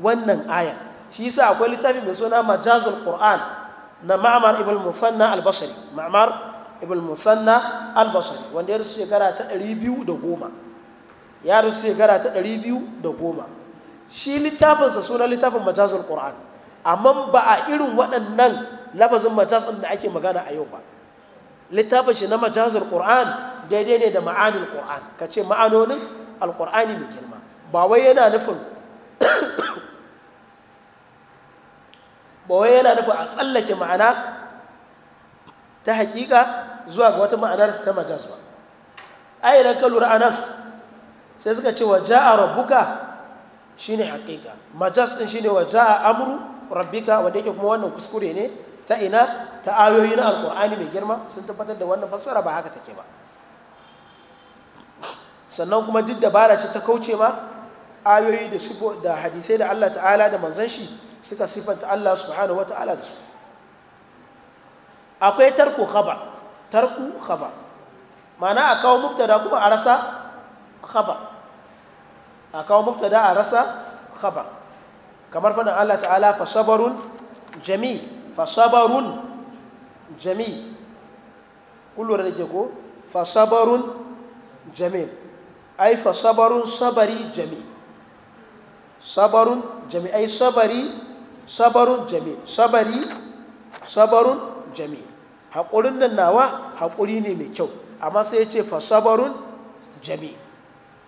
S1: wannan aya shi sa akwai littafi mai suna majazul qur'an na ma'mar ibn musanna al-basri ma'mar ibn musanna al wanda ya rusu shekara ta 210 ya rusu shekara ta 210 shi littafinsa suna littafin majazul qur'an amma ba a irin waɗannan lafazin majazin da ake magana a yau ba littafin shi na majazul qur'an daidai ne da ma'anin qur'an ka ce ma'anonin alqur'ani mai girma ba wai yana nufin (coughs) ba wai yana nufin a tsallake ma'ana ta hakika zuwa ga wata ma'anar ta majaz ba ai idan ka anan sai suka ce wa ja'a rabbuka shine haqiqa majas din shine wa jaa amru rabbika wanda yake kuma wannan kuskure ne ta ina ta ayoyi na alqur'ani mai girma sun tabbatar da wannan fassara ba haka take ba sannan kuma duk dabara ce ta kauce ma ayoyi da da hadisai da Allah ta'ala da manzon shi suka sifanta Allah subhanahu wata'ala da su akwai tarku khaba tarku khaba ma'ana a kawo mubtada kuma a rasa khaba a kawo mubtada a rasa khabar kamar fadin Allah ta'ala fa sabarun jami fa sabarun jami kullum da ke ko fa sabarun jami ai fa sabarun sabari jami sabarun jami ai sabari sabarun jami sabari sabarun jami haƙurin da nawa haƙuri ne mai kyau amma sai ya ce fa sabarun jami'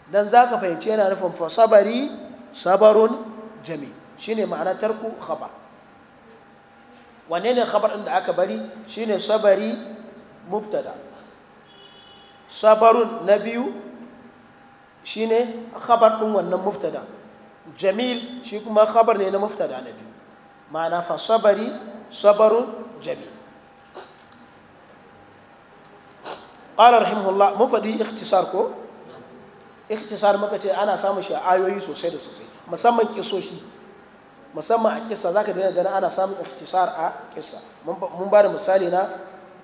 S1: dan za ka fahimci yana nufin fa sabari sabarun jami shine ma'ana tarku khabar wanne ne khabar ɗin da aka bari shine sabari mubtada sabarun na biyu shine khabar ɗin wannan mubtada jamil shi kuma khabar ne na mubtada na biyu ma'ana fa sabari sabarun jamil قال رحمه الله مفدي اختصاركم ikhtisar maka ce ana samun shi a ayoyi sosai da sosai musamman kisoshi musamman a kissa zaka dinga ganin ana samun ikhtisar a kisa mun ba da misali na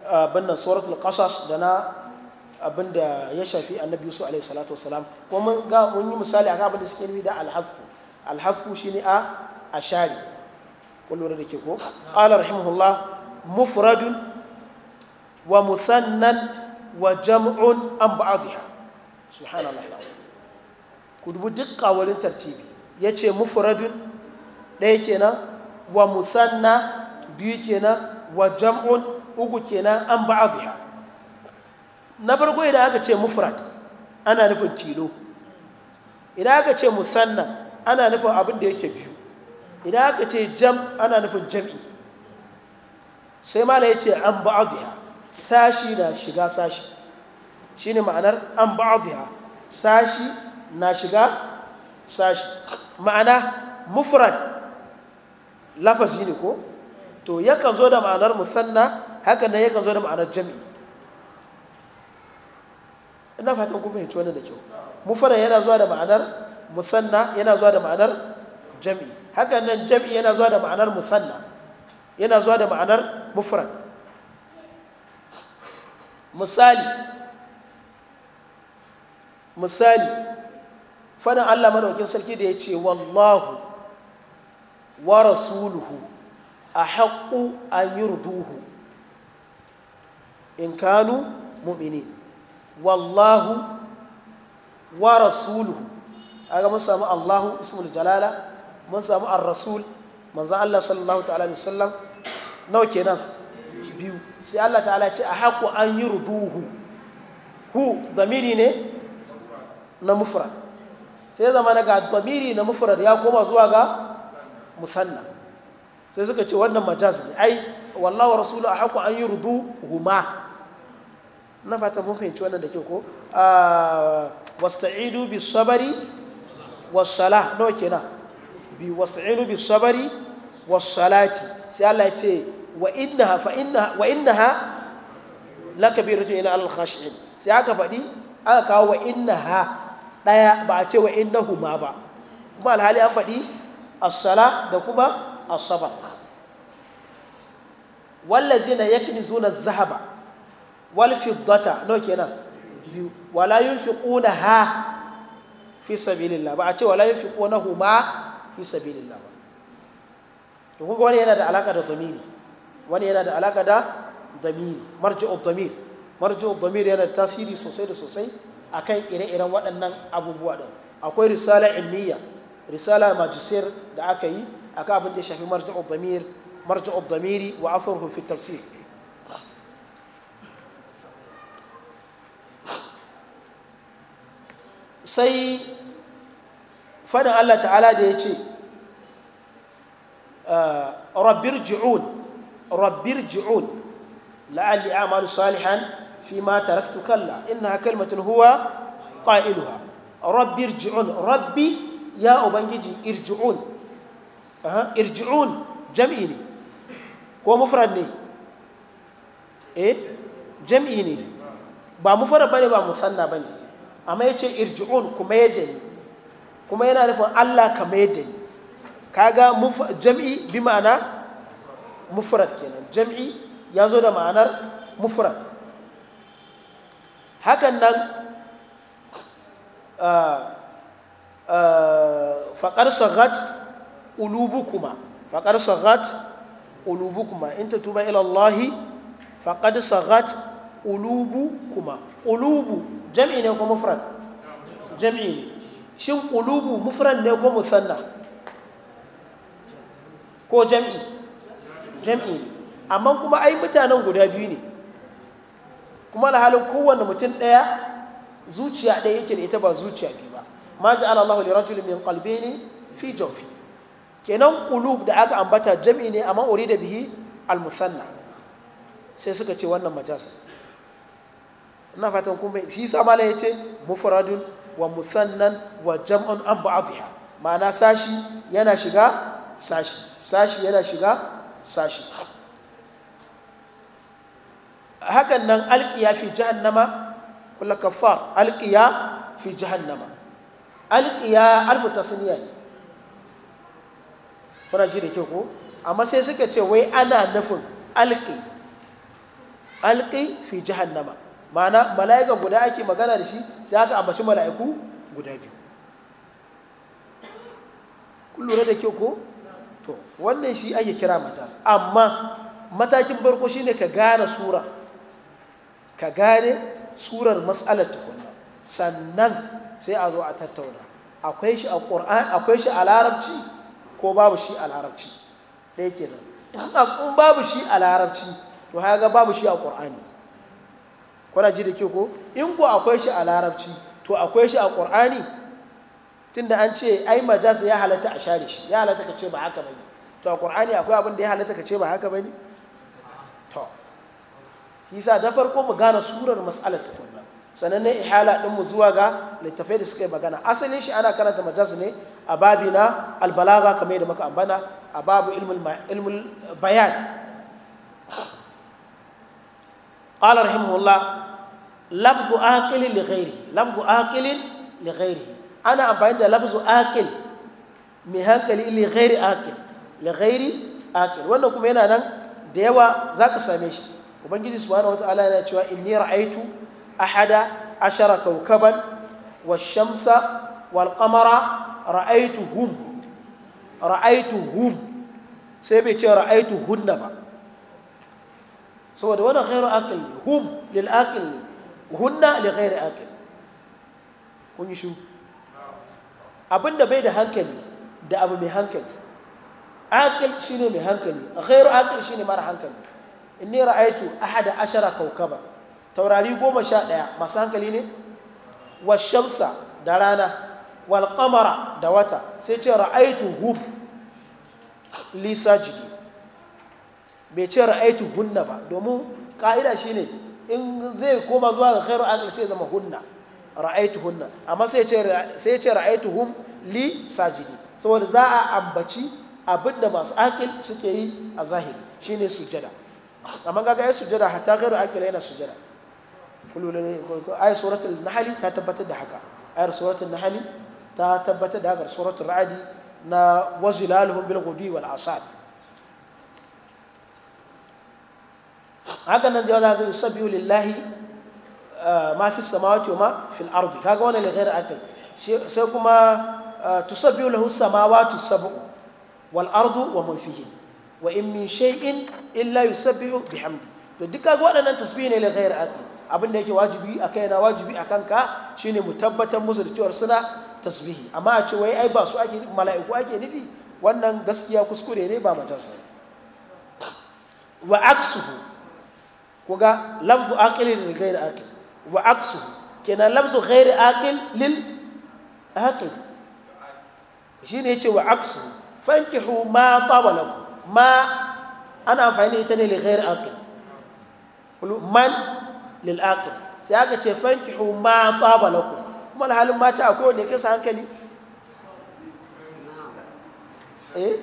S1: abin nan suratul qasas da na abin da ya shafi annabi yusuf alaihi salatu wasalam ko mun ga mun yi misali akan abin da suke nufi da alhazfu alhazfu shine a ashari kun lura da ke ko qala rahimahullah mufradun wa musannan wa jam'un an ba'dha subhanallah ku dubu duk wurin tartibi ya ce mufuradun ɗaya kenan wa musanna biyu kenan wa jam'un uku kenan an ba'adhiya na farko idan aka ce mufurad ana nufin tilo idan aka ce musanna ana nufin abin da yake biyu idan aka ce jam ana nufin jam'i sai mala ya ce an ba'adhiya sashi na shiga sashi shine ma'anar an ba'adhiya sashi na shiga sashi ma'ana mufrad lafazi ne ko to yakan zo da ma'anar musanna haka nan yakan zo da ma'anar jami'i ina fatan kun fahimci wannan da kyau mufrad yana zuwa da ma'anar musanna yana zuwa da ma'anar jami'i haka nan jami'i yana zuwa da ma'anar musanna yana zuwa da ma'anar mufrad misali misali fadin Allah madaukin sarki da ya ce wallahu wa rasuluhu a haƙƙu an yurduhu in kanu mu'mini wallahu wa rasuluhu aga mun samu Allahu ismul jalala mun samu ar-rasul manzon Allah sallallahu ta'ala alaihi wasallam nawa kenan biyu sai Allah ta'ala ce a haƙƙu an yurduhu hu damiri ne na mufrad sai zama na ga damiri na mufrad ya koma zuwa ga musanna sai suka ce wannan majas ne ai wallahi wa a ahqu an yi yurdu huma na fata mun fahimci wannan da ke ko ah, wasta'idu bi sabari was salah nawa kenan bi wasta'inu bi sabari was salati sai Allah ya ce wa innaha fa innaha wa innaha lakabiratun ila al khashi'in sai aka faɗi aka kawo wa innaha ɗaya ba a ce wa huma ba kuma alhali an faɗi as da kuma as-sabaq wallazina yaknizuna az-zahaba wal fiddata no kenan biyu fi yunfiquna ha fi sabilillah ba a ce walayun fi yunfiquna huma fi sabilillah ba to kun wani yana da alaka da zamiri wani yana da alaƙa da zamiri marji'u zamir marji'u zamir yana da tasiri sosai da sosai akan ire-iren waɗannan abubuwa ɗin akwai risala ilmiya risala majisir da aka yi akan abin da ya shafi marja'ud damir damiri wa atharuhu fi tafsir sai fadin Allah ta'ala da ya ce rabbir ji'un rabbir ji'un la'alli amalu salihan fi ma taraktu kalla innaha kalmatun huwa qailuha rabbi irji'un rabbi ya ubangiji irji'un aha irji'un jam'i ne ko mufrad ne eh jam'i ne ba mufrad bane ba musanna bane amma yace irji'un kuma yadda ne kuma yana nufin Allah kamar yadda ne kaga jam'i bi ma'ana mufrad kenan jam'i ya zo da ma'anar mufrad hakan nan ah, ah, faƙar sagat ƙulubukuma faƙar sagat ƙulubukuma in ta tuba ilallahi faƙar sagat ƙulubukuma ƙulubu jam'i ne ko mufrad jam'i ne shin ƙulubu mufrad ne ko musanna ko jam'i jam'i ne amma kuma ai mutanen guda biyu ne kuma alhalin kowanne mutum ɗaya zuciya ɗaya yake da ita ba zuciya biyu ba ma ja'ala Allahu ne rajulin min ne fi jawfi kenan qulub da aka ambata jam'i ne amma da bihi almusanna. sai suka ce wannan majaz ina fatan kuma bai shi sama ya ce mufradun wa musannan wa jam'un an ba'dha ma'ana sashi yana shiga sashi sashi yana shiga sashi hakan nan alƙiya fi jahannama kula kafar alƙiya fi jahannama alƙiya alfu tasniya ne kuna ji da ke ko amma sai suka ce wai ana nufin alƙi alƙi fi jahannama ma'ana mala'ika guda ake magana da shi sai aka ambaci mala'iku guda biyu kun da ke ko to wannan shi ake kira matas amma matakin farko shine ka gane sura ka gane surar matsalar tukunna sannan sai a zo a tattauna akwai shi a ƙur'an akwai shi a larabci ko babu shi a larabci ɗaya nan in babu shi a larabci to ga babu shi a ƙur'ani kuna ji da ke ko in ko akwai shi a larabci to akwai shi a tun da an ce ai majas ya halatta a share shi ya halatta ka ce ba haka ba ne? to a ƙur'ani akwai abin da ya halatta ka ce ba haka ne to shi da farko mu gane surar matsalar tukunna sannan ihala din mu zuwa ga littafai da suka yi magana asalin shi ana karanta majas ne a babi na albalaga kamar yadda muka ambana a babu ilmul bayan قال رحمه الله لفظ آكل لغيره لفظ آكل لغيره أنا أبين لفظ آكل مهاكل لغير آكل لغير آكل وأنا كمينا نان ديوا ذاك سامي ubangiji subhanahu wata'ala yana cewa inni ra'aitu ahada ashara kaukaban wash-shamsa wal-qamara ra'aituhum ra'aituhum sai bai ce ra'aituhunna ba saboda wannan ghairu aqil hum lil aqil hunna li ghairi aqil kun yi shu abinda bai da hankali da abu mai hankali aqil shine mai hankali ghairu aqil shine mara hankali inni ra'aitu ahada ashara kaukaba taurari goma sha ɗaya masu hankali ne Washamsa. da rana Walƙamara. da wata sai ce ra'aitu hub li jidi. bai ce ra'aitu hunna ba domin shi ne, in zai koma zuwa ga khairu aqli sai zama hunna ra'aitu hunna amma sai ce ra'aitu hum li sajidi saboda za a ambaci abinda masu aqil suke yi a zahiri shine sujada amma kaga ya sujada hatta ghairu aqila yana sujada kululun ayat suratul nahl ta tabbatar da haka ayar suratul nahl ta tabbatar da haka suratul ra'd na wazilaluhum bil ghudwi wal asad haka nan jawaza ga yusabbihu lillahi ah, ma fi samawati wa ma fil ardi kaga wannan li ghairu aqil sai kuma ah, tusabbihu lahu samawati sab'u wal ardu wa man fihin wa in min shay'in illa yusabbihu bihamdi to duka waɗannan tasbihi ne la ghayr aqli abin da yake wajibi a kaina wajibi a kanka shine mu tabbatar musu da cewa suna tasbihi amma a ce wai ai ba su ake mala'iku ake nufi wannan gaskiya kuskure ne ba majaz ba wa aksuhu kuga lafzu aqilin lil ghayr aqil wa aksuhu kenan lafzu ghayr aqil lil aqil shine yace wa aksuhu fankihu ma taba lakum ma ana amfani da ita ne li ghairi aqil man lil aqil sai aka ce fankihu ma taba lakum kuma halin mata akwai wanda ya kasa hankali eh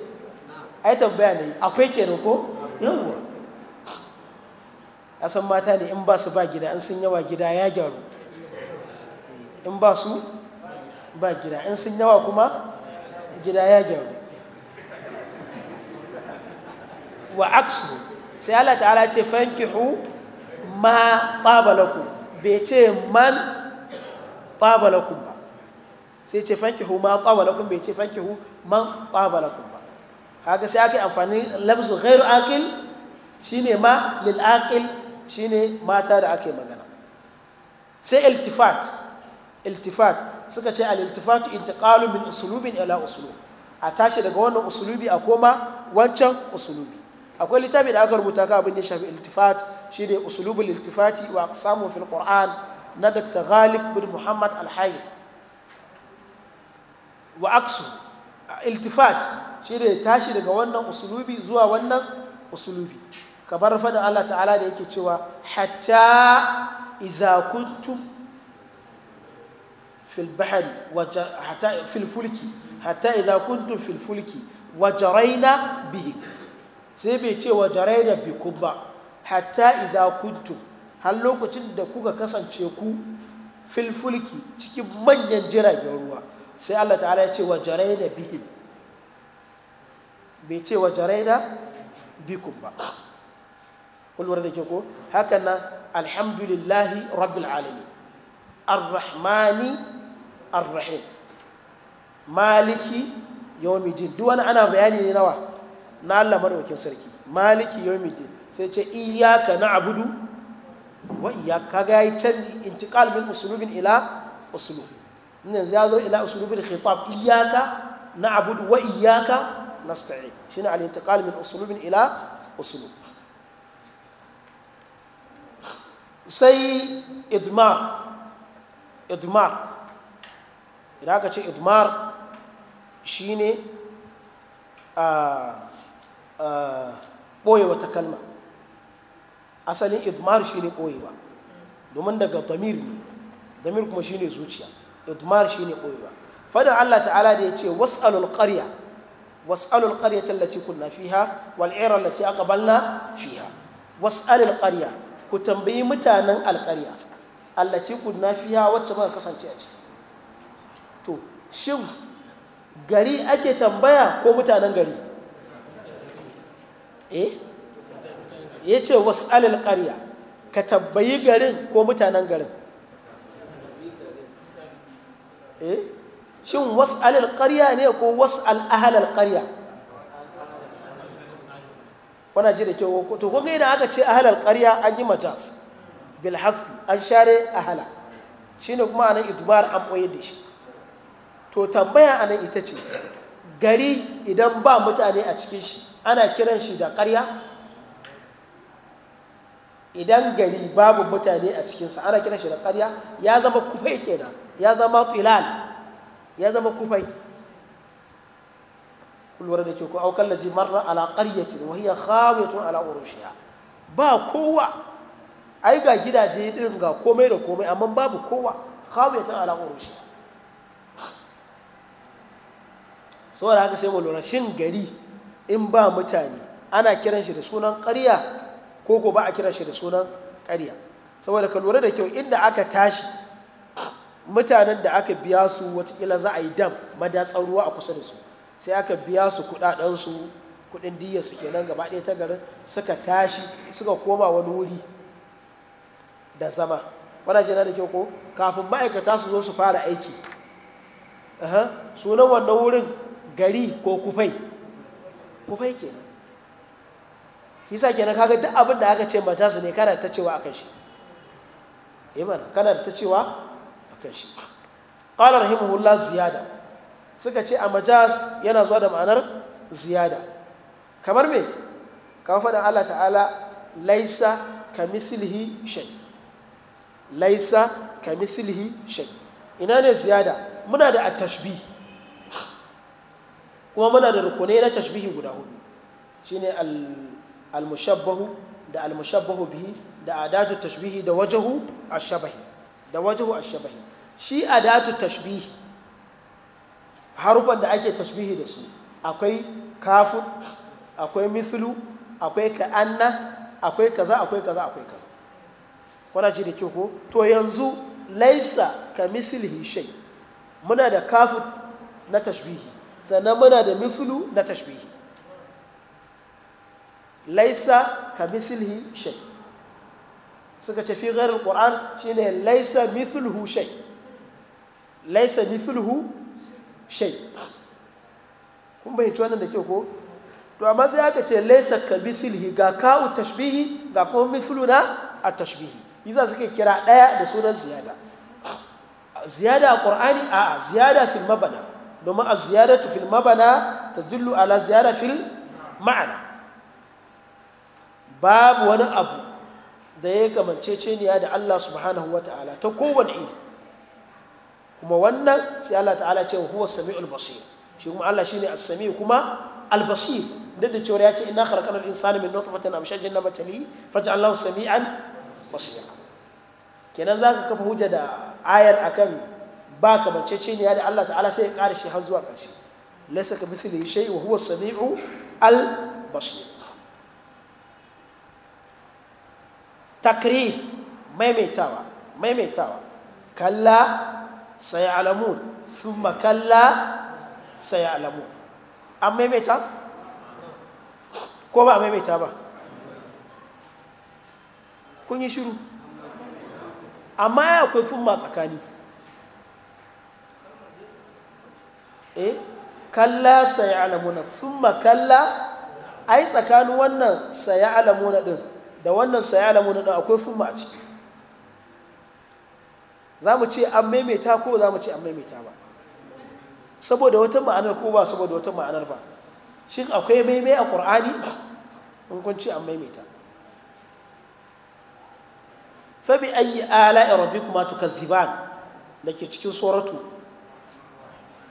S1: ai tabbaya ne akwai kenan ko yawa asan mata ne in ba su ba gida in sun yawa gida ya gyaru in ba su ba gida in sun yawa kuma gida ya gyaru wa aksu sai Allah ta'ala ce fankihu ma tabalaku bai ce man tabalakum ba sai ce fankihu ma tabalakum bai ce fankihu man tabalakum ba haka sai ake amfani lafzu ghairu akil shine ma lil akil shine mata da ake magana sai iltifat iltifat suka ce al iltifatu intiqalu min usulubin ila usulub a tashi daga wannan usulubi a koma wancan usulubi akwai littafi da aka rubuta ka abin da shafi iltifat shi ne usulubul iltifati wa samun fil qur'an na dr ghalib bin muhammad alhaid wa aksu iltifat shi ne tashi daga wannan usulubi zuwa wannan usulubi bar faɗin allah ta'ala da yake cewa hatta iza kuntum fil bahari hatta fil fulki hatta iza kuntum fil fulki wa jaraina sai bai ce wa jarai da bikum ba hatta idza kuntu har lokacin da kuka kasance ku filfulki cikin manyan jiragen ruwa sai Allah ta'ala ya ce wa jarai da bihim bai ce wa jarai da bikum ba kulwar da ke ko haka nan alhamdulillahi rabbil alamin arrahmani arrahim maliki yawmiddin duk wani ana bayani ne nawa na Allah madaukakin sarki maliki yawmiddin sai ce iyyaka na'budu wa iyyaka kaga yayi canji intiqal min usulubin ila usulub yanzu ya zo ila usulubil khitab iyyaka na'budu wa iyyaka nasta'in shine al-intiqal min usulubin ila usulub sai idmar idmar idan aka ce idmar shine a ah, ɓoye wata kalma asalin idmar shine ɓoyewa domin daga damir ne damir kuma shine zuciya idmar shine ɓoyewa fadin Allah ta'ala da ya ce was'alul qarya was'alul qaryata allati kunna fiha wal ira aka aqbalna fiha was'alul qarya ku tambayi mutanen alƙarya allati kunna fiha wacce muka kasance a ciki to shin gari ake tambaya ko mutanen gari eh ya ce wasu alal ƙarya ka tabbayi garin ko mutanen garin eh shin wasu alal ƙarya ne ko wasu al'ahalar ƙarya wana ji da kyau to kun idan aka ce ahalar ƙarya an yi majas bil an share ahala shine kuma anan itubar an ɓoye da shi to tambaya anan ita ce gari idan ba mutane a cikin shi ana kiran shi da ƙarya idan gari babu mutane a cikinsa ana kiran shi da ƙarya ya zama kufai kenan ya zama tilal ya zama kufai kulwar da ke ku aukan lazi marra ala ƙaryatin wa hiya khawiyatun ala urushiya ba kowa ai ga gidaje din ga komai da komai amma babu kowa khawiyatun ala Sau da haka sai mu lura shin gari in ba mutane ana kiran shi da sunan ƙarya ko ko ba a kiran shi da sunan ƙarya saboda ka lura da kyau inda aka tashi mutanen da aka biya su watakila za a yi dam madatsar ruwa a kusa da su sai aka biya su kudadensu kudin diyarsu kenan gaba ɗaya ta garin suka tashi suka koma wani wuri da zama wana jina da kyau ko kafin ma'aikata su zo su fara aiki sunan wannan wurin gari ko kufai kufai kenan yasa kenan kaga duk abin da aka ce majasu ne kana ta cewa akan shi eh mana kana ta cewa akan shi qala rahimahullah ziyada suka ce a majas yana zuwa da ma'anar ziyada kamar me kamar faɗin Allah ta'ala laisa kamithlihi shay laisa kamithlihi shay ina ne ziyada muna da at-tashbih kuma muna da rukunai na tashbihi guda hudu shine al-mushabbahu da al-mushabbahu bihi da adatu tashbihi da wajahu ash-shabahi da wajahu ash-shabahi shi adatu tashbihi harufan da ake tashbihi da su akwai kafun akwai mithlu akwai ka'anna akwai kaza akwai kaza akwai kaza kuna ji da kyau ko to yanzu laisa ka mithlihi shay muna da kafu na tashbihi sannan muna da mithlu na tashbihi laisa ka mislihi shay suka ce fi gharar qur'an shine laisa mithluhu shay laisa mithluhu shay kun bai wannan da ke ko to amma sai aka ce laisa ka mislihi ga kawo tashbihi ga kuma mithlu na a tashbihi yasa suke kira daya da sunan ziyada ziyada a ƙorani a'a ziyada fil mabana domin a ziyaratu fil mabana ta dillu ala ziyara fil ma'ana babu wani abu da ya kamanceceniya da Allah subhanahu wa ta'ala ta kowane iri kuma wannan sai Allah ta'ala ce huwa sami'ul basir shi kuma Allah shi ne as-sami kuma al-basir duk da cewa ya ce inna khalaqana al-insana min nutfatin amshajin nabatali faj'alnahu sami'an basira kenan zaka kafa hujja da ayar akan ba kamanceceniya da Allah ta'ala sai ya ƙara shi har zuwa ƙarshe laisa ka mithli shay wa huwa samiu al basir maimaitawa maimaitawa kalla sayalamun thumma kalla sayalamun an maimaita ko ba maimaita ba kun yi shiru amma ya akwai thumma tsakani eh kalla sayalamuna thumma kalla ai tsakanin wannan sayalamuna din da wannan sayalamuna din akwai thumma a ciki za mu ce an maimaita ko za mu ce an maimaita ba saboda wata ma'anar ko ba saboda wata ma'anar ba shin akwai maimai a ƙur'ani in kun ce an maimaita bi ayi ala rabbi kuma tukazziban da ke cikin suratu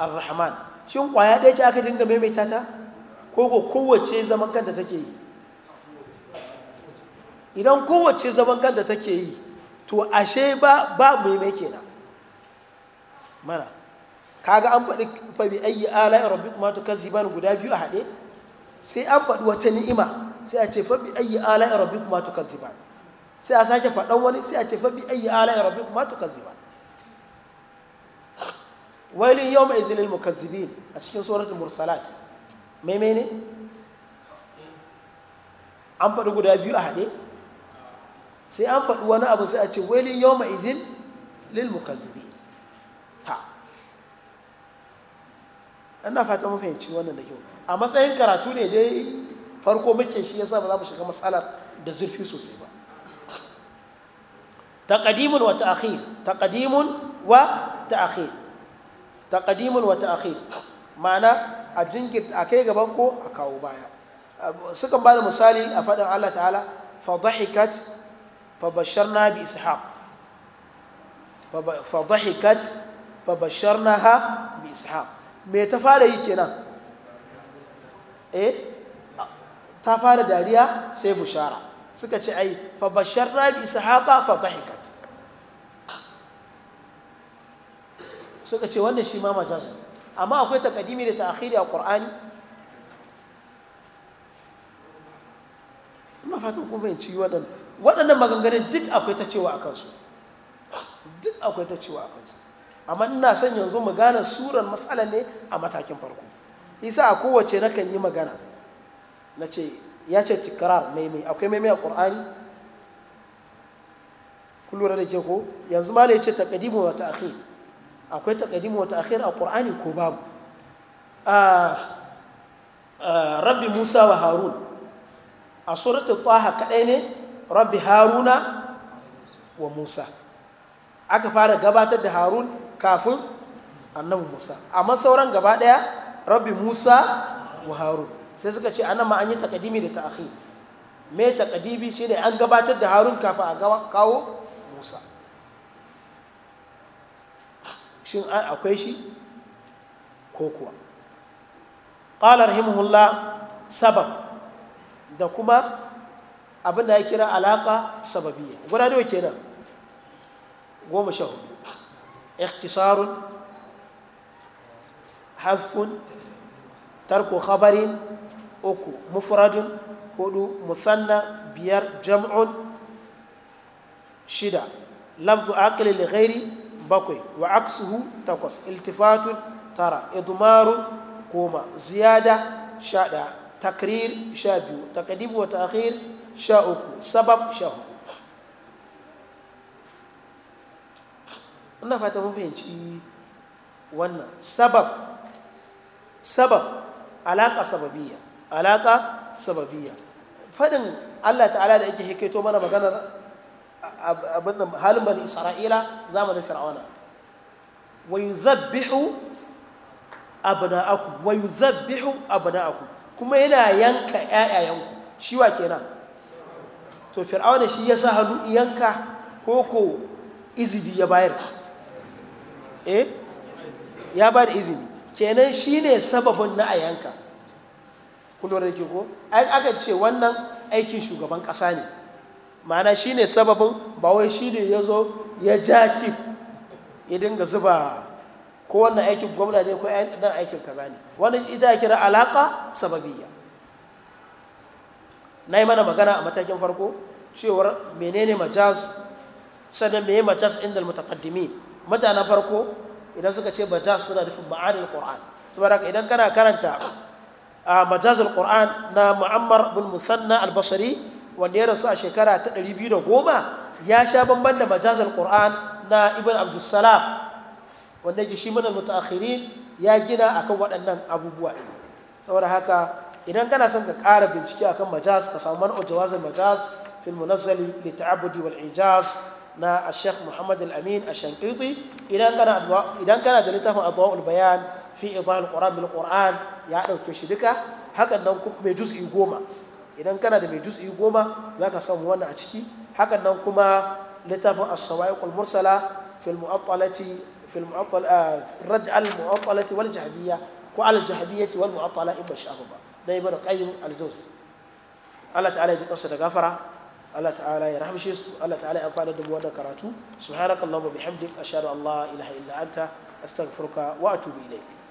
S1: ar-rahman shin kwaya dai ce aka dinga maimaita ta ko ko kowace zaman kanta take yi idan kowace zaman kanta take yi to ashe ba ba maimai kenan mana kaga an faɗi fa bi ayyi ala rabbikuma tukazziban guda biyu a haɗe sai an faɗi wata ni'ima sai a ce fa bi ayyi ala rabbikuma tukazziban sai a sake faɗan wani sai a ce fa bi ayyi ala rabbikuma tukazziban wailun yawma idhil lil mukazzibin a cikin suratul mursalat mai mene an faɗi guda biyu a haɗe sai an faɗi wani abu sai a ce yau yawma idhil lil mukazzibin ta ina fata mu wannan da kyau a matsayin karatu ne dai farko muke shi yasa ba za mu shiga matsalar da zurfi sosai ba taqdimun wa ta'khir taqdimun wa ta'khir taqdimun wa ta'khir ma'ana a jinkirta a kai gaban ko a kawo baya sukan ba da misali a faɗin Allah ta'ala fa dhahikat fa bi ishaq fa dhahikat fa basharnaha bi ishaq me ta fara yi kenan eh ta fara dariya sai bushara suka ce ai fa basharna bi ishaqa fa suka ce wannan shi ma su amma akwai takadimi da ta'khiri a qur'ani ina fatan kun fahimci waɗannan waɗannan maganganun duk akwai ta cewa a kansu duk akwai ta cewa a kansu amma ina son yanzu mu gane suran matsala ne a matakin farko isa a kowace na kan yi magana na ce ya ce tikrar maimai akwai maimai a ƙur'ani kullum da ke ko yanzu ma ne ce taƙadimu wa ta'akhir akwai takadimu wata akhir a Kur'ani ko babu rabbi musa wa harun a suratul taha kaɗai ne rabbi haruna wa musa aka fara gabatar da harun kafin annabi musa amma sauran gaba ɗaya rabbi musa wa harun sai suka ce anan ma an yi takadimi da ta'khir me takadimi shine an gabatar da harun kafin a kawo shin akwai shi ko kuwa ƙalar himhullah sabab da kuma abin da ya kira alaƙa sababiyya guda nawa kenan goma sha hudu ikhtisarun tarko khabarin uku mufradun hudu musanna biyar jam'un shida lafzu aqli li ghairi bakwai wa aksuhu takwas iltifatun tara idumaru koma ziyada sha ɗaya takrir sha biyu takadibu wa ta'khir sha uku sabab sha hudu ina fata mun fahimci wannan sabab sabab alaƙa sababiyya alaƙa sababiyya faɗin allah ta'ala da ake hikaito mana maganar abin da halin bani isra'ila zamanin fir'auna wa yuzabbihu abna'akum wa yuzabbihu abna'akum kuma yana yanka ƴaƴayenku shi wa kenan to fir'auna shi ya sa hannu yanka ko izidi izini ya bayar eh ya bayar izini kenan shine sababin na a yanka kun da ke ko ai aka ce wannan aikin shugaban kasa ne ma'ana shi ne sababin bawai shi ne ya zo ya ja tip ya dinga zuba ko wannan aikin gwamna ne ko ɗan aikin kaza ne wannan ita ya kira alaƙa sababiyya na yi mana magana a matakin farko cewar menene majaz sannan meye majaz inda mutaqaddimin mutanen farko idan suka ce majaz suna nufin ma'anin qur'an saboda idan kana karanta a ah, majazul qur'an na mu'ammar bin musanna albasari wanda ya rasu a shekara ta 210 ya sha bamban da majazal na ibn abdussalam wanda yake shi mana mutaakhirin ya gina akan waɗannan abubuwa ɗin saboda haka idan kana son ka ƙara bincike akan majaz ka samu man'u jawazul majaz fil munazzali li ta'abbudi wal ijaz na Sheikh Muhammad Al-Amin Ash-Shankiti idan kana idan kana da littafin Adwa'ul Bayan fi Idahul Quran bil Quran ya dauke shi duka hakan nan mai juz'i goma idan kana da mai juz'i goma za ka samu wannan a ciki hakan nan kuma littafin asawai sawaiqul mursala fil mu'attalati fil mu'attal ah, rad al mu'attalati wal jahmiyya ko al jahmiyyati wal mu'attala ibn shahaba Na ibn qayyim al juz Allah ta'ala ya ji kansa da gafara Allah ta'ala ya rahamshe su Allah ta'ala ya amfana da mu wannan karatu subhanakallahumma bihamdik ashhadu an la ilaha illa anta astaghfiruka wa atubu ilaik